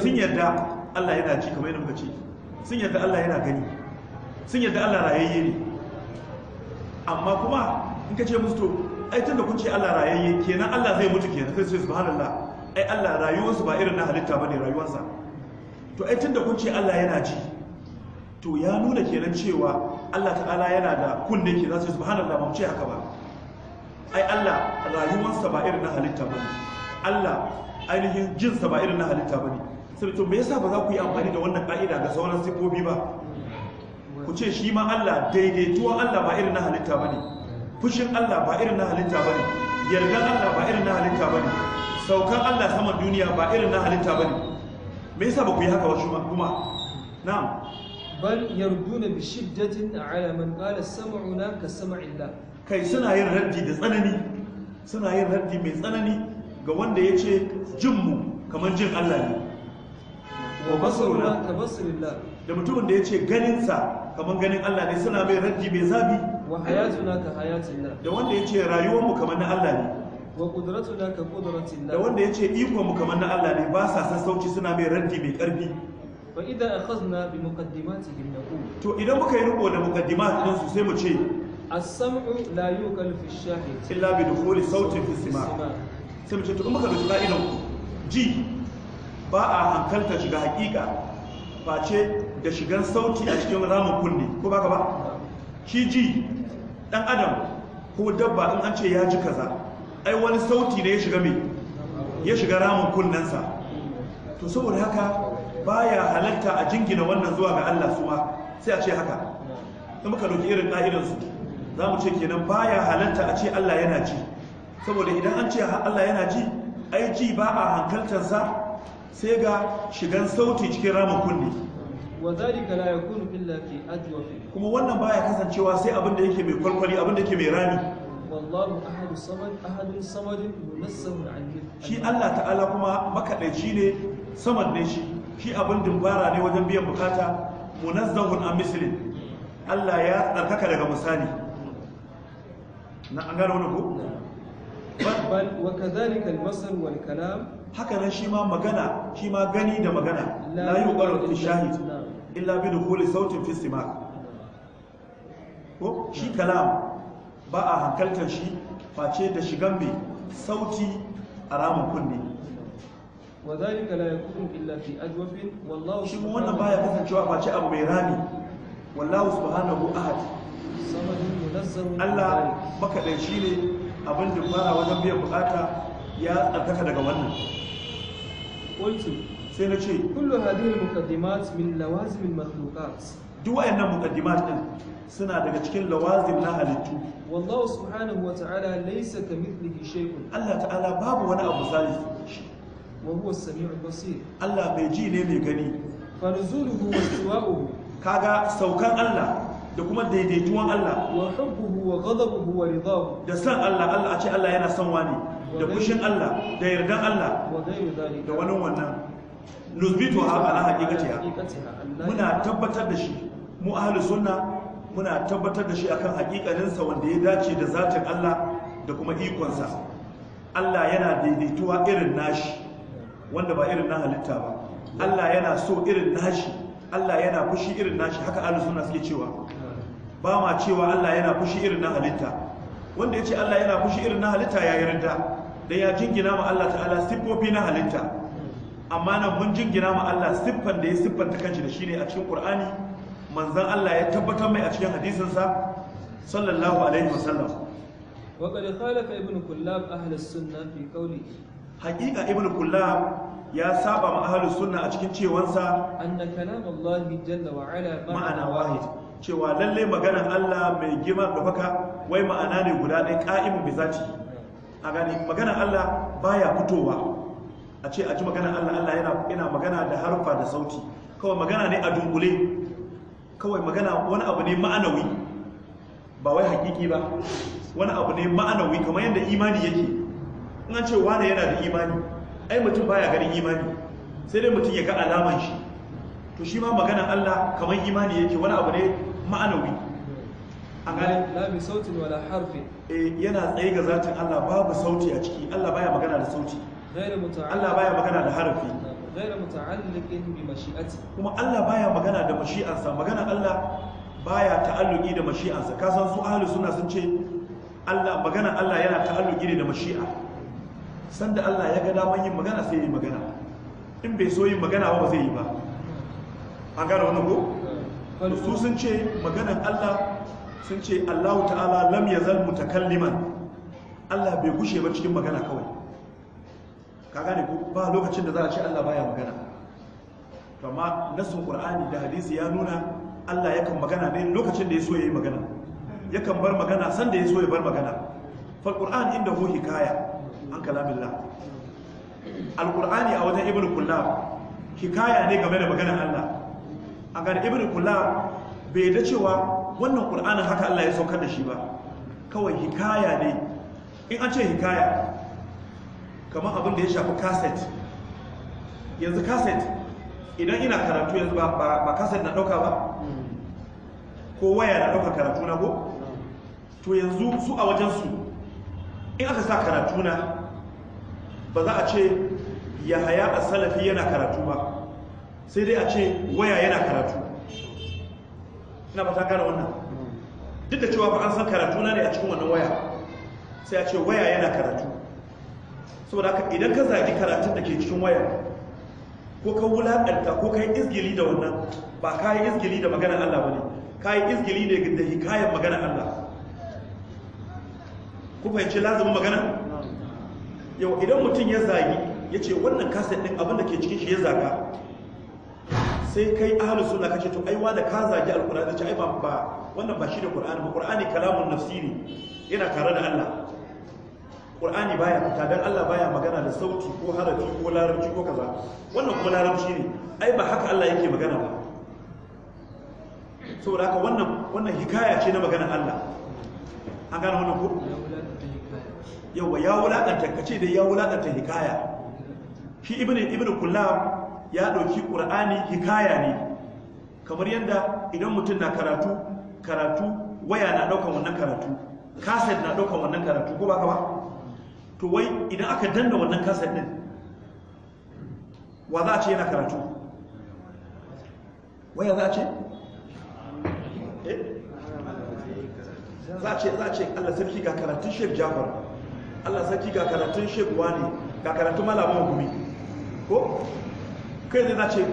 sun yarda Allah yana ci kamar yadda muka ce sun yadda Allah yana gani sun yadda Allah rayayye ne amma kuma in ka ce musu to ai tunda kun ce Allah rayayye kenan Allah zai mutu kenan sai su subhanallah ai Allah rayuwarsa ba irin na halitta bane rayuwarsa to ai tunda kun ce Allah yana ji to ya nuna kenan cewa Allah ta'ala yana da kunne ke za su subhanallah ba mu ce haka ba ai Allah rayuwarsa ba irin na halitta bane Allah ainihin jinsa ba irin na halitta bane sai to me yasa ba za ku yi amfani da wannan ka'ida ga sauran sifofi ba ku ce shi ma Allah daidaituwa Allah ba irin na halitta bane fushin Allah ba irin na halitta bane yardan Allah ba irin na halitta bane saukan Allah saman duniya ba irin na halitta bane me yasa ba ku yi haka wasu kuma na'am bal yarduna bi shiddatin ala man qala sam'una ka sam'illah kai suna yin raddi da tsanani suna yin raddi mai tsanani ga wanda ya ce jinmu kamar jin Allah ne wa basaruna ka basarillah da mutumin da yace ganin sa kaman ganin Allah ne suna mai raddi mai zabi wa hayatuna ka hayatillah da wanda yace rayuwar mu kamar na Allah ne wa qudratuna ka qudratillah da wanda yace iko mu kamar na Allah ne ba sa sassauci suna mai raddi mai karfi fa idan akhadna bi muqaddimatihim naqul to idan muka yi riko da muqaddimat din su sai mu ce as-sam'u la yuqal fi ash-shahid illa bi dukhuli sawtin fi as-sama' sai mu ce to muka bi ka'idan ji ba a hankalta shiga hakika face da shigan sauti a cikin ramin kunne ko baka ba shi ji dan adam ko dabba in an ce ya ji kaza ai wani sauti ne ya shiga mai ya shiga ramin kunnensa to saboda haka baya halatta a jingina wannan zuwa ga Allah ma sai a ce haka in muka doki irin ka'idan su mu ce kenan baya halatta a ce Allah yana ji saboda idan an ce Allah yana ji ai ji ba a hankaltarsa sai ga shigan sauti cikin ramin kunne wa zalika la yakunu illa fi ajwaf kuma wannan baya kasancewa sai abin da yake mai kwalkwali abin da yake mai rami wallahu ahadu samad ahadu samad munassahu anhu shi Allah ta'ala kuma makadaici ne samad ne shi shi abin dimbara ne wajen biyan bukata munazzahun an mislin Allah ya tsarkaka daga misali na an gano wani ko bal wa kadhalika al-masal wal kalam haka nan shi ma magana shi ma gani da magana la yuqalu lil shahid illa bi dukhuli sautin fi simak ko shi kalam ba a hankaltar shi face da shigan mai sauti a ramin kunne shi mu wannan baya kasancewa face abu mai rami wallahu subhanahu ahad Allah makaɗaici ne abin da fara wajen biyan bukata ya tsarkaka daga wannan qultu sai na ce Kullum hadhihi al min lawazim al-makhluqat duk wayannan muqaddimat din suna daga cikin lawazim na halittu wallahu subhanahu wa ta'ala laysa kamithlihi shay'un Allah ta'ala babu wani abu zalisi wa huwa as-sami'ul basir Allah mai ji ne mai gani fanzuluhu wa istiwa'uhu kaga saukan Allah da kuma daidaituwan Allah wa hubbuhu wa ghadabuhu wa ridahu da san Allah Allah ce Allah yana son wani da kushin Allah da yardan Allah da wani wannan nuzbitu ha ala ha muna tabbatar da shi mu ahlus sunna muna tabbatar da shi akan haƙiƙaninsa wanda ya dace da zatin Allah da kuma ikonsa Allah yana daidaituwa irin nashi wanda ba irin na halitta ba Allah yana so irin nashi Allah yana fushi irin nashi haka ahlus sunna suke cewa ba ma cewa Allah yana fushi irin na halitta wanda ya ce Allah yana fushi irin na halitta ya yarda da ya jingina ma Allah ta'ala siffofi na halitta amma nan mun jingina ma Allah siffan da ya siffanta kanshi da shi ne a cikin Qur'ani manzon Allah ya tabbatar mai a cikin hadisin sa sallallahu alaihi wasallam wa qad khalafa ibn kullab ahli sunna fi qawlihi haqiqa ibn kullab ya saba ma ahli sunna a cikin sa, anna kalam Allah jalla wa ala ma'ana wahid cewa lalle maganar Allah mai gima da faka wai ma'ana ne guda ɗaya qa'imun bi zati. a gane magana Allah baya fitowa a ce a ji magana Allah Allah yana yana magana da harfa da sauti kawai magana ne a dunkule kawai magana wani abu ne ma'anawi ba wai hakiki ba wani abu ne ma'anawi kamar yadda imani yake in an ce wani yana da imani ai mutum baya ganin imani sai dai mutum ya ga alaman shi to shi ma magana Allah kamar imani yake wani abu ne ma'anawi a gane la bi sautin wala harfin eh, yana tsaye ga zatin Allah babu sauti a ciki Allah baya magana da sauti Allah baya magana da harafi ghairu muta'alliqin bi mashi'ati kuma Allah baya magana da mashi'ansa magana Allah baya ta'alluqi da mashi'ansa kasan su ahlus suna sun ce Allah magana Allah yana ta'alluqi ne da mashi'a sanda Allah ya ga daman yin magana sai yi magana in bai so yin magana ba ba zai yi ba an gane wannan ko su sun ce maganan Allah sun ce Allahu ta'ala lam yazal mutakalliman Allah bai gushe ba cikin magana kawai ka gane ku ba lokacin da za a ce Allah baya magana to amma nasu qur'ani da hadisi ya nuna Allah yakan magana ne lokacin da ya so yi magana yakan bar magana san da ya so ya bar magana fal inda hu hikaya an kalamin al qur'ani a wajen Ibn Kula, hikaya ne game da maganar Allah a ga Ibn Kula bai da cewa wannan ƙur'anin haka Allah ya saukar da shi ba kawai hikaya ne in an ce hikaya kamar abin da ya shafi kaset yanzu kaset idan ina karatu yanzu ba kaset na ɗauka ba ko waya na ɗauka karatu na ko to yanzu su a wajensu in aka sa karatu na ba za a ce yahaya a salafi yana karatu ba sai dai a ce waya yana karatu ina ba ta gane wannan duk da cewa ba an san karatu na ne a cikin wannan waya sai a ce waya yana karatu saboda haka idan ka zagi karatun da ke cikin waya ko ka wulaƙanta ko ka yi izgili da wannan ba ka yi izgili da maganar Allah ba ne ka yi izgili ne da hikayen maganar Allah ku fahimci lazumin magana yau idan mutum ya zagi ya ce wannan kaset ɗin abin da ke cikin shi ya zaga sai kai ahlus sunna kace to ai wanda ka zagi alqur'ani ce ai ba ba wannan ba shi da qur'ani ba qur'ani kalamun ne yana tare da Allah qur'ani baya fita dan Allah baya magana da sauti ko harafi ko larabci ko kaza wannan kuma larabci ne ai ba haka Allah yake magana ba saboda haka wannan wannan hikaya ce na maganar Allah an gane wannan ko yawa ya wulakanta kace da ya wulakanta hikaya shi ibnu ibnu kullab ya ɗauki ƙur'ani hikaya ne kamar yadda idan mutum na karatu karatu waya na ɗaukan wannan karatu kaset na ɗaukan wannan karatu ko ba ka ba to wai idan aka danna wannan kaset ɗin wa za a ce yana karatu waya za a ce? Eh? za a ce za a ce allah sarki ga karatun shek jafar allah sarki ga karatun shek wani ga karatun malamin gumi ko kai ne na ce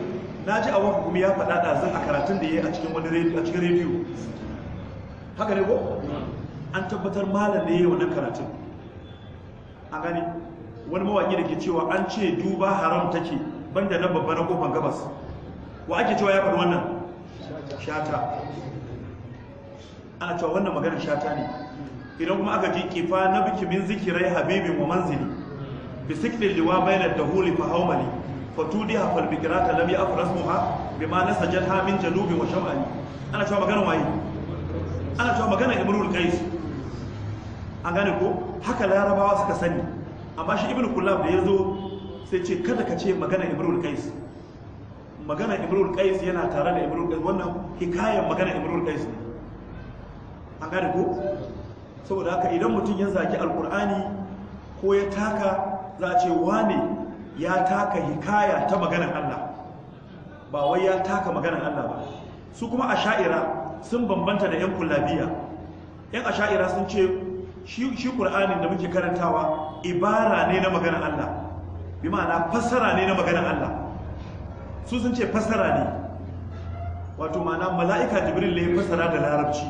na ji awon hukumi ya faɗa da zan a karatun da ya yi a cikin wani rediyo haka ne ko an tabbatar malam ne ya yi wannan karatun a gani wani mawaƙi da ke cewa an ce duba haram take banda na babba na kofar gabas wa ake cewa ya faɗi wannan shata ana cewa wannan maganar shata ne idan kuma aka ji kifa na bikimin zikirai habibin wa manzili bisikilin liwa bayanar da huli fa haumali fatudiha fal bikrata lam ya'fu rasmuha bima nasajatha min janubi wa shamali ana cewa magana waye ana cewa magana imrul qais an gane ko haka larabawa suka sani amma shi ibnu kullab da yazo sai ce kada ka ce magana imrul qais maganar imrul qais yana tare da imrul qais wannan hikayen magana imrul qais ne an gane ko saboda haka idan mutum ya zaki alqur'ani ko ya taka za a ce wane ya taka hikaya ta maganar Allah ba wai ya taka maganar Allah ba su kuma asha'ira sun bambanta da 'yan kullabiya 'yan asha'ira sun ce shi ƙur'anin da muke karantawa ibara ne na maganar Allah bi ma'ana fassara ne na maganar Allah su sun ce fassara ne wato ma'ana mala'ika jibril ne fassara da larabci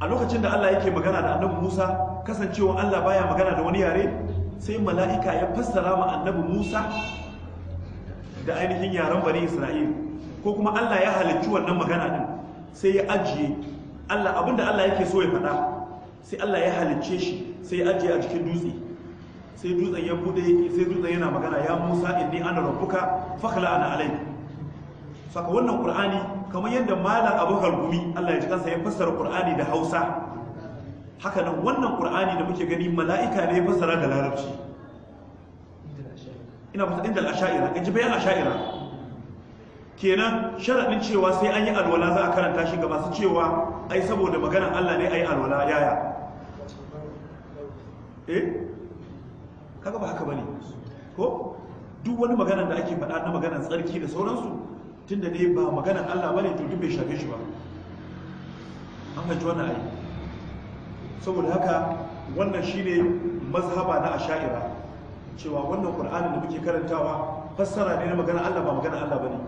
a lokacin da Allah yake magana da annabi Musa kasancewa Allah baya magana da wani yare sai mala'ika ya fassara wa annabi Musa da ainihin yaren bani Isra'il ko kuma Allah ya halicci wannan magana din sai ya ajiye Allah abinda Allah yake so ya faɗa sai Allah ya halicce shi sai ya ajiye a cikin dutse sai dutsen ya bude sai dutsen yana magana ya Musa inni ana rabbuka fakhla ana ala'i. saka wannan Qur'ani kamar yadda malam Abu Gumi Allah ya ji kansa ya fassara Qur'ani da Hausa haka nan wannan qur'ani da muke gani mala'ika ne ya fassara da larabci ina fata inda al'asha'ira in ji bayan al'asha'ira kenan sharaɗin cewa sai an yi alwala za a karanta shi ga masu cewa ai saboda maganan Allah ne ai alwala yaya eh kaga ba haka bane ko duk wani maganan da ake faɗa na maganan tsarki da sauransu tunda ne ba maganan Allah bane to duk bai shafe shi ba an haji wannan ayi saboda haka wannan shine mazhaba na asha'ira cewa wannan qur'ani da muke karantawa fassara ne na magana Allah ba magana Allah bane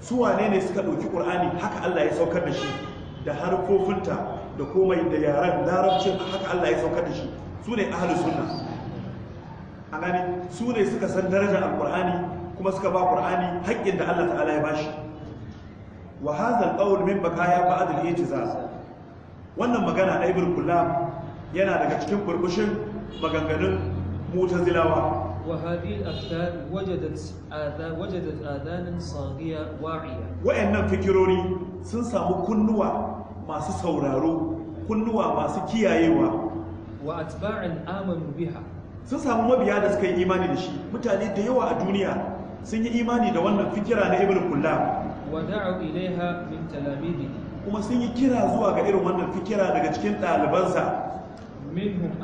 su wane ne suka dauki qur'ani haka Allah ya saukar da shi da harkofinta da komai da yaran larabcin haka Allah ya saukar da shi su ne ahlus sunna a gani su ne suka san darajar alqur'ani kuma suka ba qur'ani haƙƙin da Allah ta'ala ya bashi wa hadha alqawl min bakaya ba'd al-ijtizaz wannan magana na ibn yana daga cikin burbushin maganganun mutar zilawa wa aftar waje da tsadanin sauriya wariya wa'in fikirori sun samu kunnuwa masu sauraro kunnuwa masu kiyayewa wa a tsibarin biha sun samu mabiya da suka yi imani da shi mutane da yawa a duniya sun yi imani da wannan fikira na ibir kula wa da'a ilai ha min kuma sun yi kira zuwa ga irin wannan fikira daga cikin ɗalibansa minhum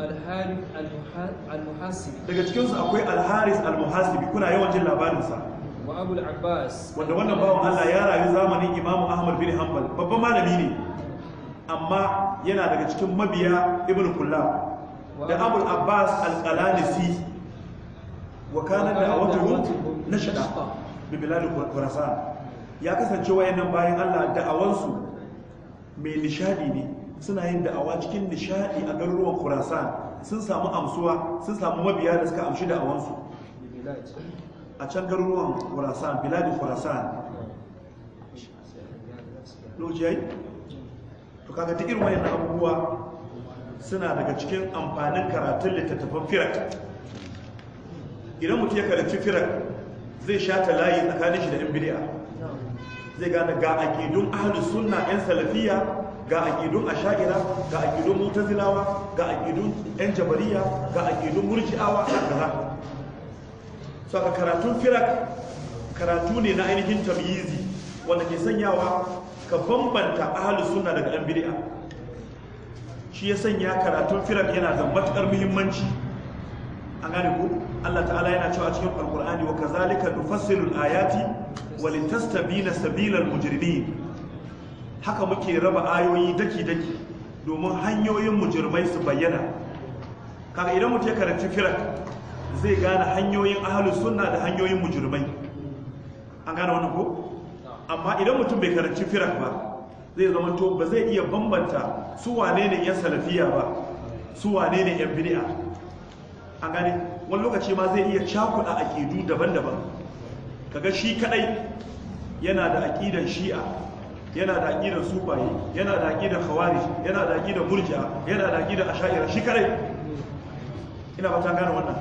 daga cikin su akwai alharis almuhasibi kuna yawan jin labarin sa wa abul abbas wanda wannan bawan Allah ya rayu zamanin imamu ahmad bin hanbal babban malami ne amma yana daga cikin mabiya ibn kullab da abul abbas al-qalanisi wa kana da'awatuhu nashda bi bilad khurasan ya kasance wayannan bayan Allah awansu mai nishadi ne suna yin da'awa cikin nishadi a garuruwan khurasan sun samu amsuwa sun samu mabiya da suka amshi da'awansu a can garuruwan biladi biladin khurasan lojiyai to kaga ta irin wayannan abubuwa suna daga cikin amfanin karatun littattafan firak idan mutum ya karanci firak zai shata layi tsakanin shi da yan bidiya zai gane ga akidun ahlus sunna yan salafiya ga aƙidun asha'ira ga aƙidun mutazilawa ga aƙidun yan jabariya ga aƙidun murji'awa a kaza so a karatun firak karatu ne na ainihin tamyizi wanda ke sanyawa ka bambanta ahalus sunna daga yan bid'a shi ya sanya karatun firak yana da matukar muhimmanci an gane ko Allah ta'ala yana cewa cikin alkur'ani wa kazalika nufassilu ayati walitastabina sabilar sabilal mujrimin haka muke raba ayoyi daki-daki domin hanyoyin mujirmai su bayyana kaga idan mutum ya karanci firak zai gane hanyoyin ahalus sunna da hanyoyin mujirmai an gane wani ko amma idan mutum bai karanci firak ba zai zama to ba zai iya bambanta su wane ne yan salafiya ba su wane ne yan bid'a an gane wani lokaci ma zai iya cakuɗa aƙidu daban-daban kaga shi kadai yana da aƙidan shi'a yana da aqidar sufaye yana da aqidar khawarij yana da aqidar burja yana da aqidar ashayar shi kare ina ba ta gane wannan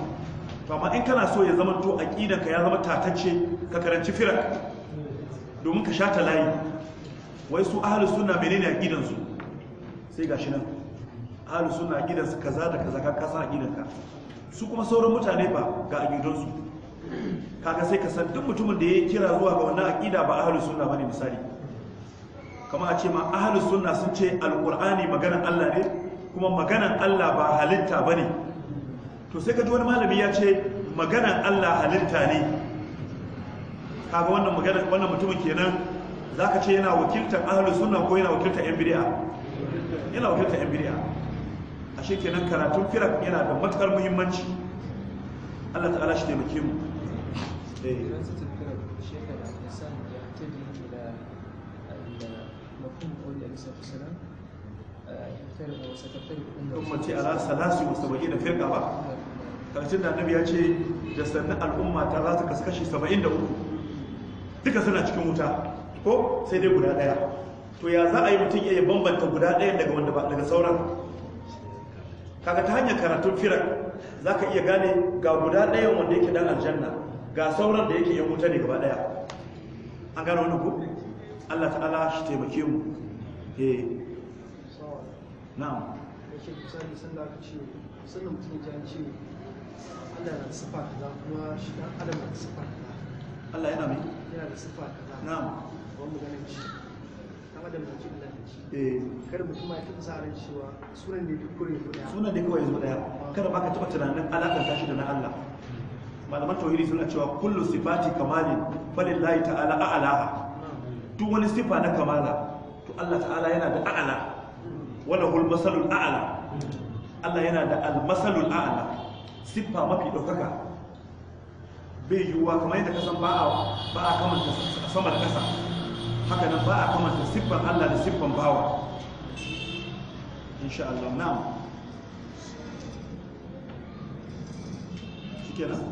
to amma in kana so ya zama to ka ya zama tatacce ka karanci firak domin ka shata layi wai su ahlus sunna menene aqidar su sai gashi nan ahlus sunna aqidar su kaza da kaza ka kasa aqidar ka su kuma sauran mutane ba ga aqidar su kaga sai ka san duk mutumin da ya kira zuwa ga wannan aƙida ba ahlus sunna bane misali kama a ce ma ahalus sunna sun ce Alkur'ani maganan Allah ne kuma maganan Allah ba halitta ba ne to sai ka ji wani malami ya ce maganan Allah halitta ne kaga wannan maganan wannan mutumin kenan ka ce yana wakiltar ahalus sunna ko yana wakiltar yan bid'a yana wakiltar yan bid'a ashe kenan karatun firak yana da matukar muhimmanci Allah ta'ala shi taimake mu eh. مفهوم قول النبي صلى الله عليه وسلم ummaci ala salasi wasu ba'i da firka ba ƙarshen da annabi ya ce da sannan al'umma ta za su kaskashi 73 duka suna cikin wuta ko sai dai guda daya to ya za a yi mutum ya bambanta guda daya daga wanda ba daga sauran kaga ta hanyar karatun firak za ka iya gane ga guda dayan wanda yake dan aljanna ga sauran da yake yan wuta ne gaba daya an gano wani ku Allah ta'ala shi taimake mu eh. na'am yake mutum ya ce Allah sifa kaza kuma shi dan adam sifa kaza Allah yana mai yana da sifa kaza na'am ba mu ganin shi eh mutum ya sa ran cewa sunan ne duk kure guda sunan ne kawai kada ba ka taba tunanin alakan tashi da na Allah malaman tauhidi suna cewa kullu sifati kamalin falillahi ta'ala a'laha duk wani sifa na kamala to Allah ta'ala yana da a'ala wala hul masalul a'ala Allah yana da al masalul a'ala siffa mafi daukaka bai yiwuwa kamar yadda kasan ba a ba a kamanta sama da kasa haka nan ba a kamanta siffar Allah da siffan bawa insha Allah na'am shikenan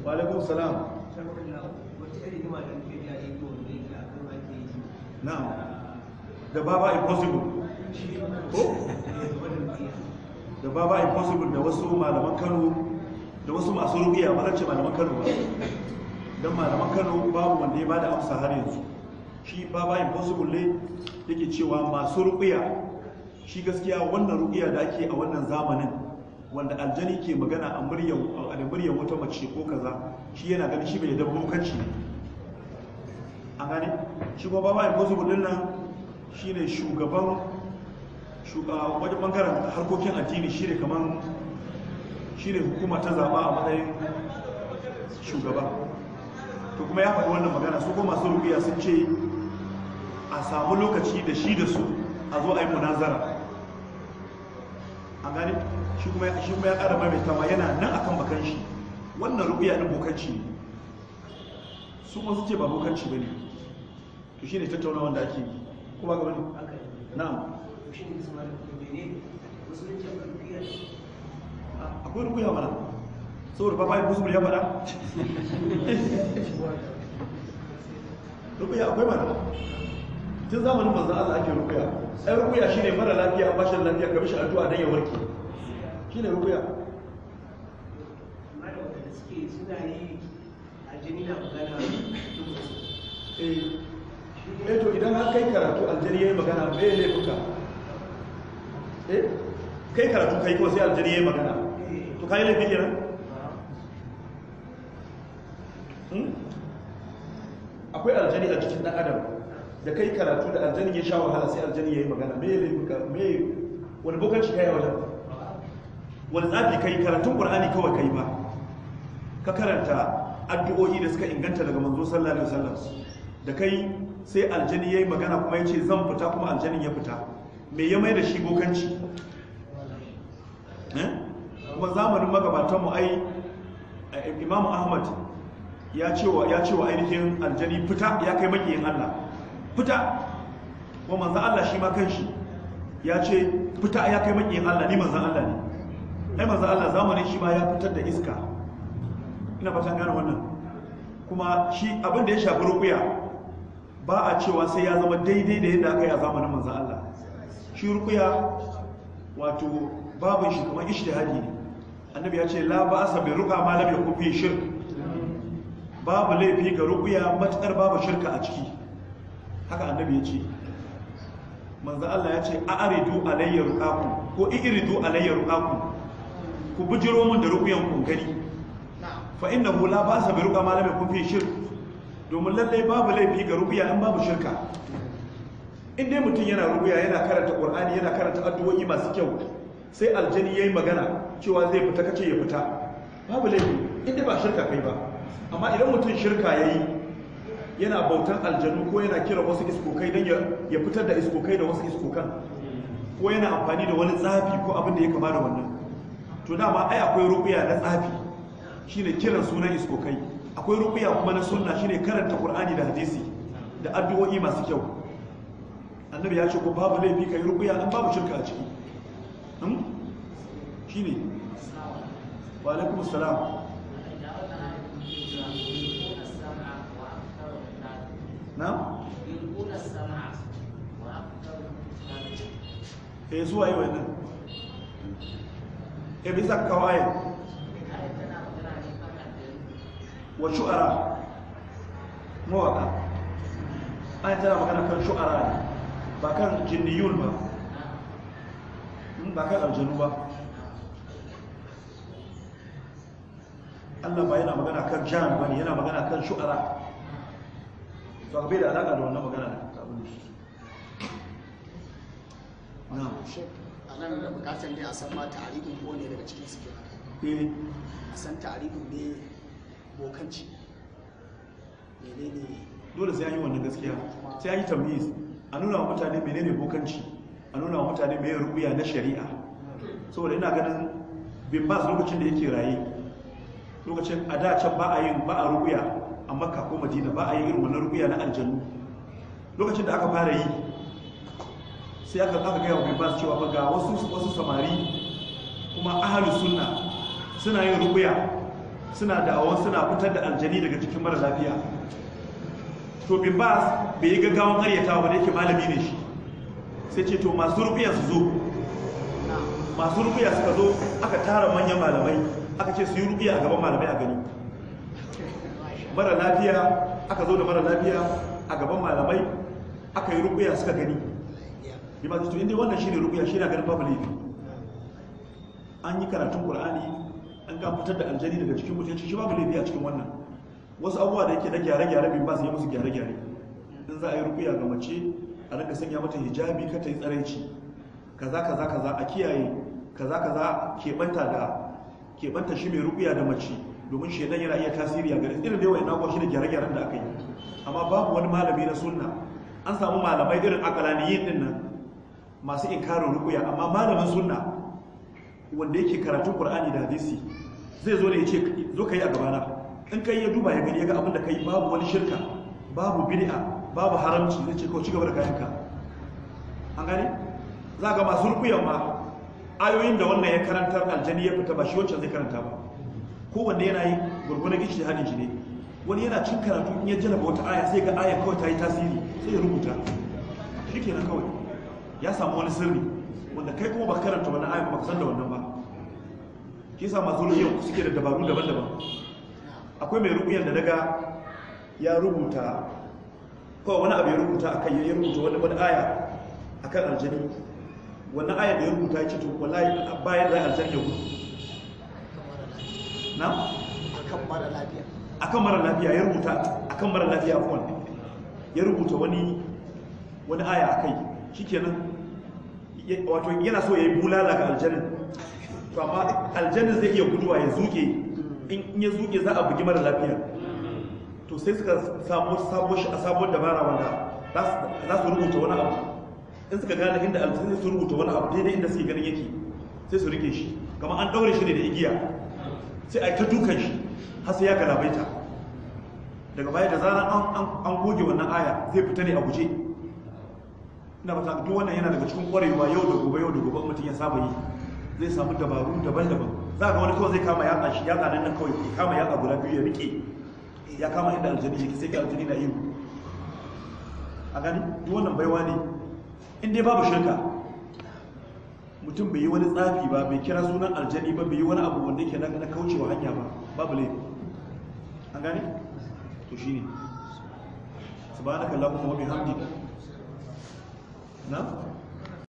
wa alaikum salam Now, da baba impossible ko da baba impossible da wasu malaman Kano da wasu masu rubiya ba zan malaman Kano ba don malaman Kano babu wanda ya bada amsa har yanzu shi baba impossible ne yake cewa masu rubiya shi gaskiya wannan rubiya da ake a wannan zamanin wanda aljani ke magana a muryar wata mace ko kaza shi yana ganin shi bai dabbokanci ne an gane shi a baba impossible din nan shine shugaban wajen bangaren harkokin addini shi ne kamar shi ne hukuma ta zaba a matsayin shugaba to kuma ya faɗi wannan magana su kuma masu rubiya sun ce a samu lokaci da shi da su a zo a yi munazara an gane shi kuma ya ƙara mai ma yana nan akan bakan shi wannan rubiya ɗin bokanci ne su kuma su ce ba bokanci ba ne to ne tattauna wanda ake yi kuma ga wani na na'am akwai rukuya mana saboda babai musulmi ya faɗa rukuya akwai mana tun zamanin manzan Allah ake rukuya ai rukuya shine mara lafiya bashin lafiya ka bishi addu'a dan ya warke shine rukuya suna yi a jini na magana a cikin eh to idan har kai karatu aljari ya yi magana mai ya laifuka eh kai karatu kai kuma sai aljari ya yi magana to kai laifin kenan hmm? akwai aljani a cikin dan adam da kai karatu da aljani ya sha wahala sai aljani ya yi magana mai ya laifuka mai wani bukanci kai a wajen wani tsafi kai karatun ƙwar'ani kawai kai ba ka karanta addu'o'i da suka inganta daga manzo sallallahu alaihi wasallam da kai sai aljani ya yi magana kuma ya ce zan fita kuma aljanin ya fita me ya mai da shi bokanci eh? kuma zamanin magabatanmu ai imam ahmad ya ce wa ainihin aljani fita ya kai makiyin allah fita kuma manzan allah shi ma kanshi ya ce fita ya kai makiyin allah ni manzan allah ne ai manzan allah zamanin shi ma ya fitar da iska ina fatan gane wannan kuma shi abin da ya shafi rukuya ba a cewa sai ya zama daidai da yadda aka yi a zamanin manzan Allah shi rukuya wato babin shi kuma ishtihadi ne annabi ya ce la ba asa bi ruka ma lam yakun fi shirk babu laifi ga rukuya matakar babu shirka a ciki haka annabi ya ce manzan Allah ya ce a a'ridu alayya ruqakum ko i'ridu alayya ruqakum ku bujiro mun da rukuyan kun gani fa innahu la ba asa bi ruka ma lam yakun fi shirk domin lallai babu laifi ga rubuya in babu shirka in mutum yana rubuya yana karanta qur'ani yana karanta addu'o'i masu kyau sai aljani yayi magana cewa zai fita kace ya fita babu laifi in ba shirka kai ba amma idan mutum shirka yayi yana bautar aljanu ko yana kira wasu iskokai don ya fitar da iskokai da wasu iskokan ko yana amfani da wani tsafi ko abin da ya kama da wannan to dama ai akwai rubuya na tsafi shine kiran sunan iskokai akwai rukuya kuma na sunna shine karanta qur'ani da hadisi da addu'o'i masu kyau annabi ya ce ko babu laifi kai rukuya an babu shirka a ciki hmm shine wa alaikum assalam na eh zuwa yi nan eh bisa kawai wa shu'ara mawaka ayan tana magana kan shu'ara ne ba kan jinniyun ba ba kan aljanu ba Allah ba yana magana kan jan ba ne yana magana kan shu'ara to bai da alaƙa da wannan magana da ta abin shi na a nan da bukatar ne a san ma ta'arifin ko ne daga cikin su eh. a san ta'arifin ne bokanci menene dole sai yi wannan gaskiya sai yi tamyiz a nuna wa mutane menene bokanci a nuna wa mutane mai rubuya na shari'a saboda ina ganin bimbas lokacin da yake raye lokacin a da can ba a yin ba a rubuya a makka ko madina ba a yi irin wannan rubuya na aljannu lokacin da aka fara yi sai aka aka gaya wa cewa ba cewa ga wasu wasu samari kuma ahlus sunna suna yin rubuya suna da'awar suna fitar da aljani daga cikin mara lafiya to bin ba bai yi gaggawan karyatawa ba da yake malami ne shi sai ce to masu rufiya su zo masu rufiya suka zo aka tara manyan malamai aka ce su yi rufiya a gaban malamai a gani mara lafiya aka zo da mara lafiya a gaban malamai aka yi rufiya suka gani ba ma to inda wannan shine rufiya shi na ganin babu laifi an yi karatun Kur'ani. an ka fitar da aljani daga cikin mutane shi babu laifi a cikin wannan wasu abubuwa da yake na gyare-gyare bin ba su yi musu gyare-gyare in za a yi rukuya ga mace a rika sanya mata hijabi ka ta yi tsaraici kaza kaza kaza a kiyaye kaza kaza keɓanta da keɓanta shi mai rukuya da mace domin shedan yana iya tasiri a garin irin da yawa ina shi da gyare-gyaren da aka yi amma babu wani malami na sunna an samu malamai irin akalaniyin din nan masu inkarin rukuya amma malamin sunna wanda yake karatun qur'ani da hadisi zai zo ne ya ce zo kai a gabana in kai ya duba ya gani ya ga abin da kai babu wani shirka babu bid'a babu haramci zai ce kawai ci gaba da kayanka an gani za ga masu rukuyan ma ayoyin da wannan ya karantar aljani ya fita ba shi wancan zai karanta ba ko wanda yana yi gurgunan ishi hadin shi ne wani yana cin karatu in ya jalaba wata aya sai ga aya kawai ta yi tasiri sai ya rubuta shi kenan kawai ya samu wani sirri wanda kai kuma ba karanta wannan aya ba ka san da wannan ba kisa masu yau suke da dabaru daban-daban akwai mai rubuyar da daga ya rubuta kawai wani abu ya rubuta a akan ya rubuta wani wani aya kan aljani wani aya da ya rubuta ya ce to a bayan rai aljani ya hudu na a mara lafiya mara lafiya ya rubuta a kan mara lafiya kuma ya rubuta wani wani aya shi kenan wato yana so ya yi bulala ga aljanin to amma aljanna zai iya guduwa ya zuke in ya zuke za a bugi mara lafiya to sai suka samu sabo shi a sabon dabara wanda za su rubuta wani abu in suka gane inda aljanna su rubuta wani abu daidai inda suke ganin yake sai su rike shi kama an daure shi ne da igiya sai a ta dukan shi har sai ya galabaita daga baya da zarar an goge wannan aya zai fita ne a guje ina ba ta duk wannan yana daga cikin kwarewa yau da gobe yau da gobe mutum ya saba yi zai samu dabaru daban-daban za ga wani kawai zai kama yatsa shi yatsa nan kawai ya kama yatsa guda biyu ya rike ya kama inda aljani ya kisai ga aljani na ihu a gani wannan baiwa ne in dai babu shirka mutum bai yi wani tsafi ba bai kira sunan aljani ba bai yi wani abu wanda ke na kaucewa hanya ba babu laifi an gani to shine subhanakallahumma wa bihamdika na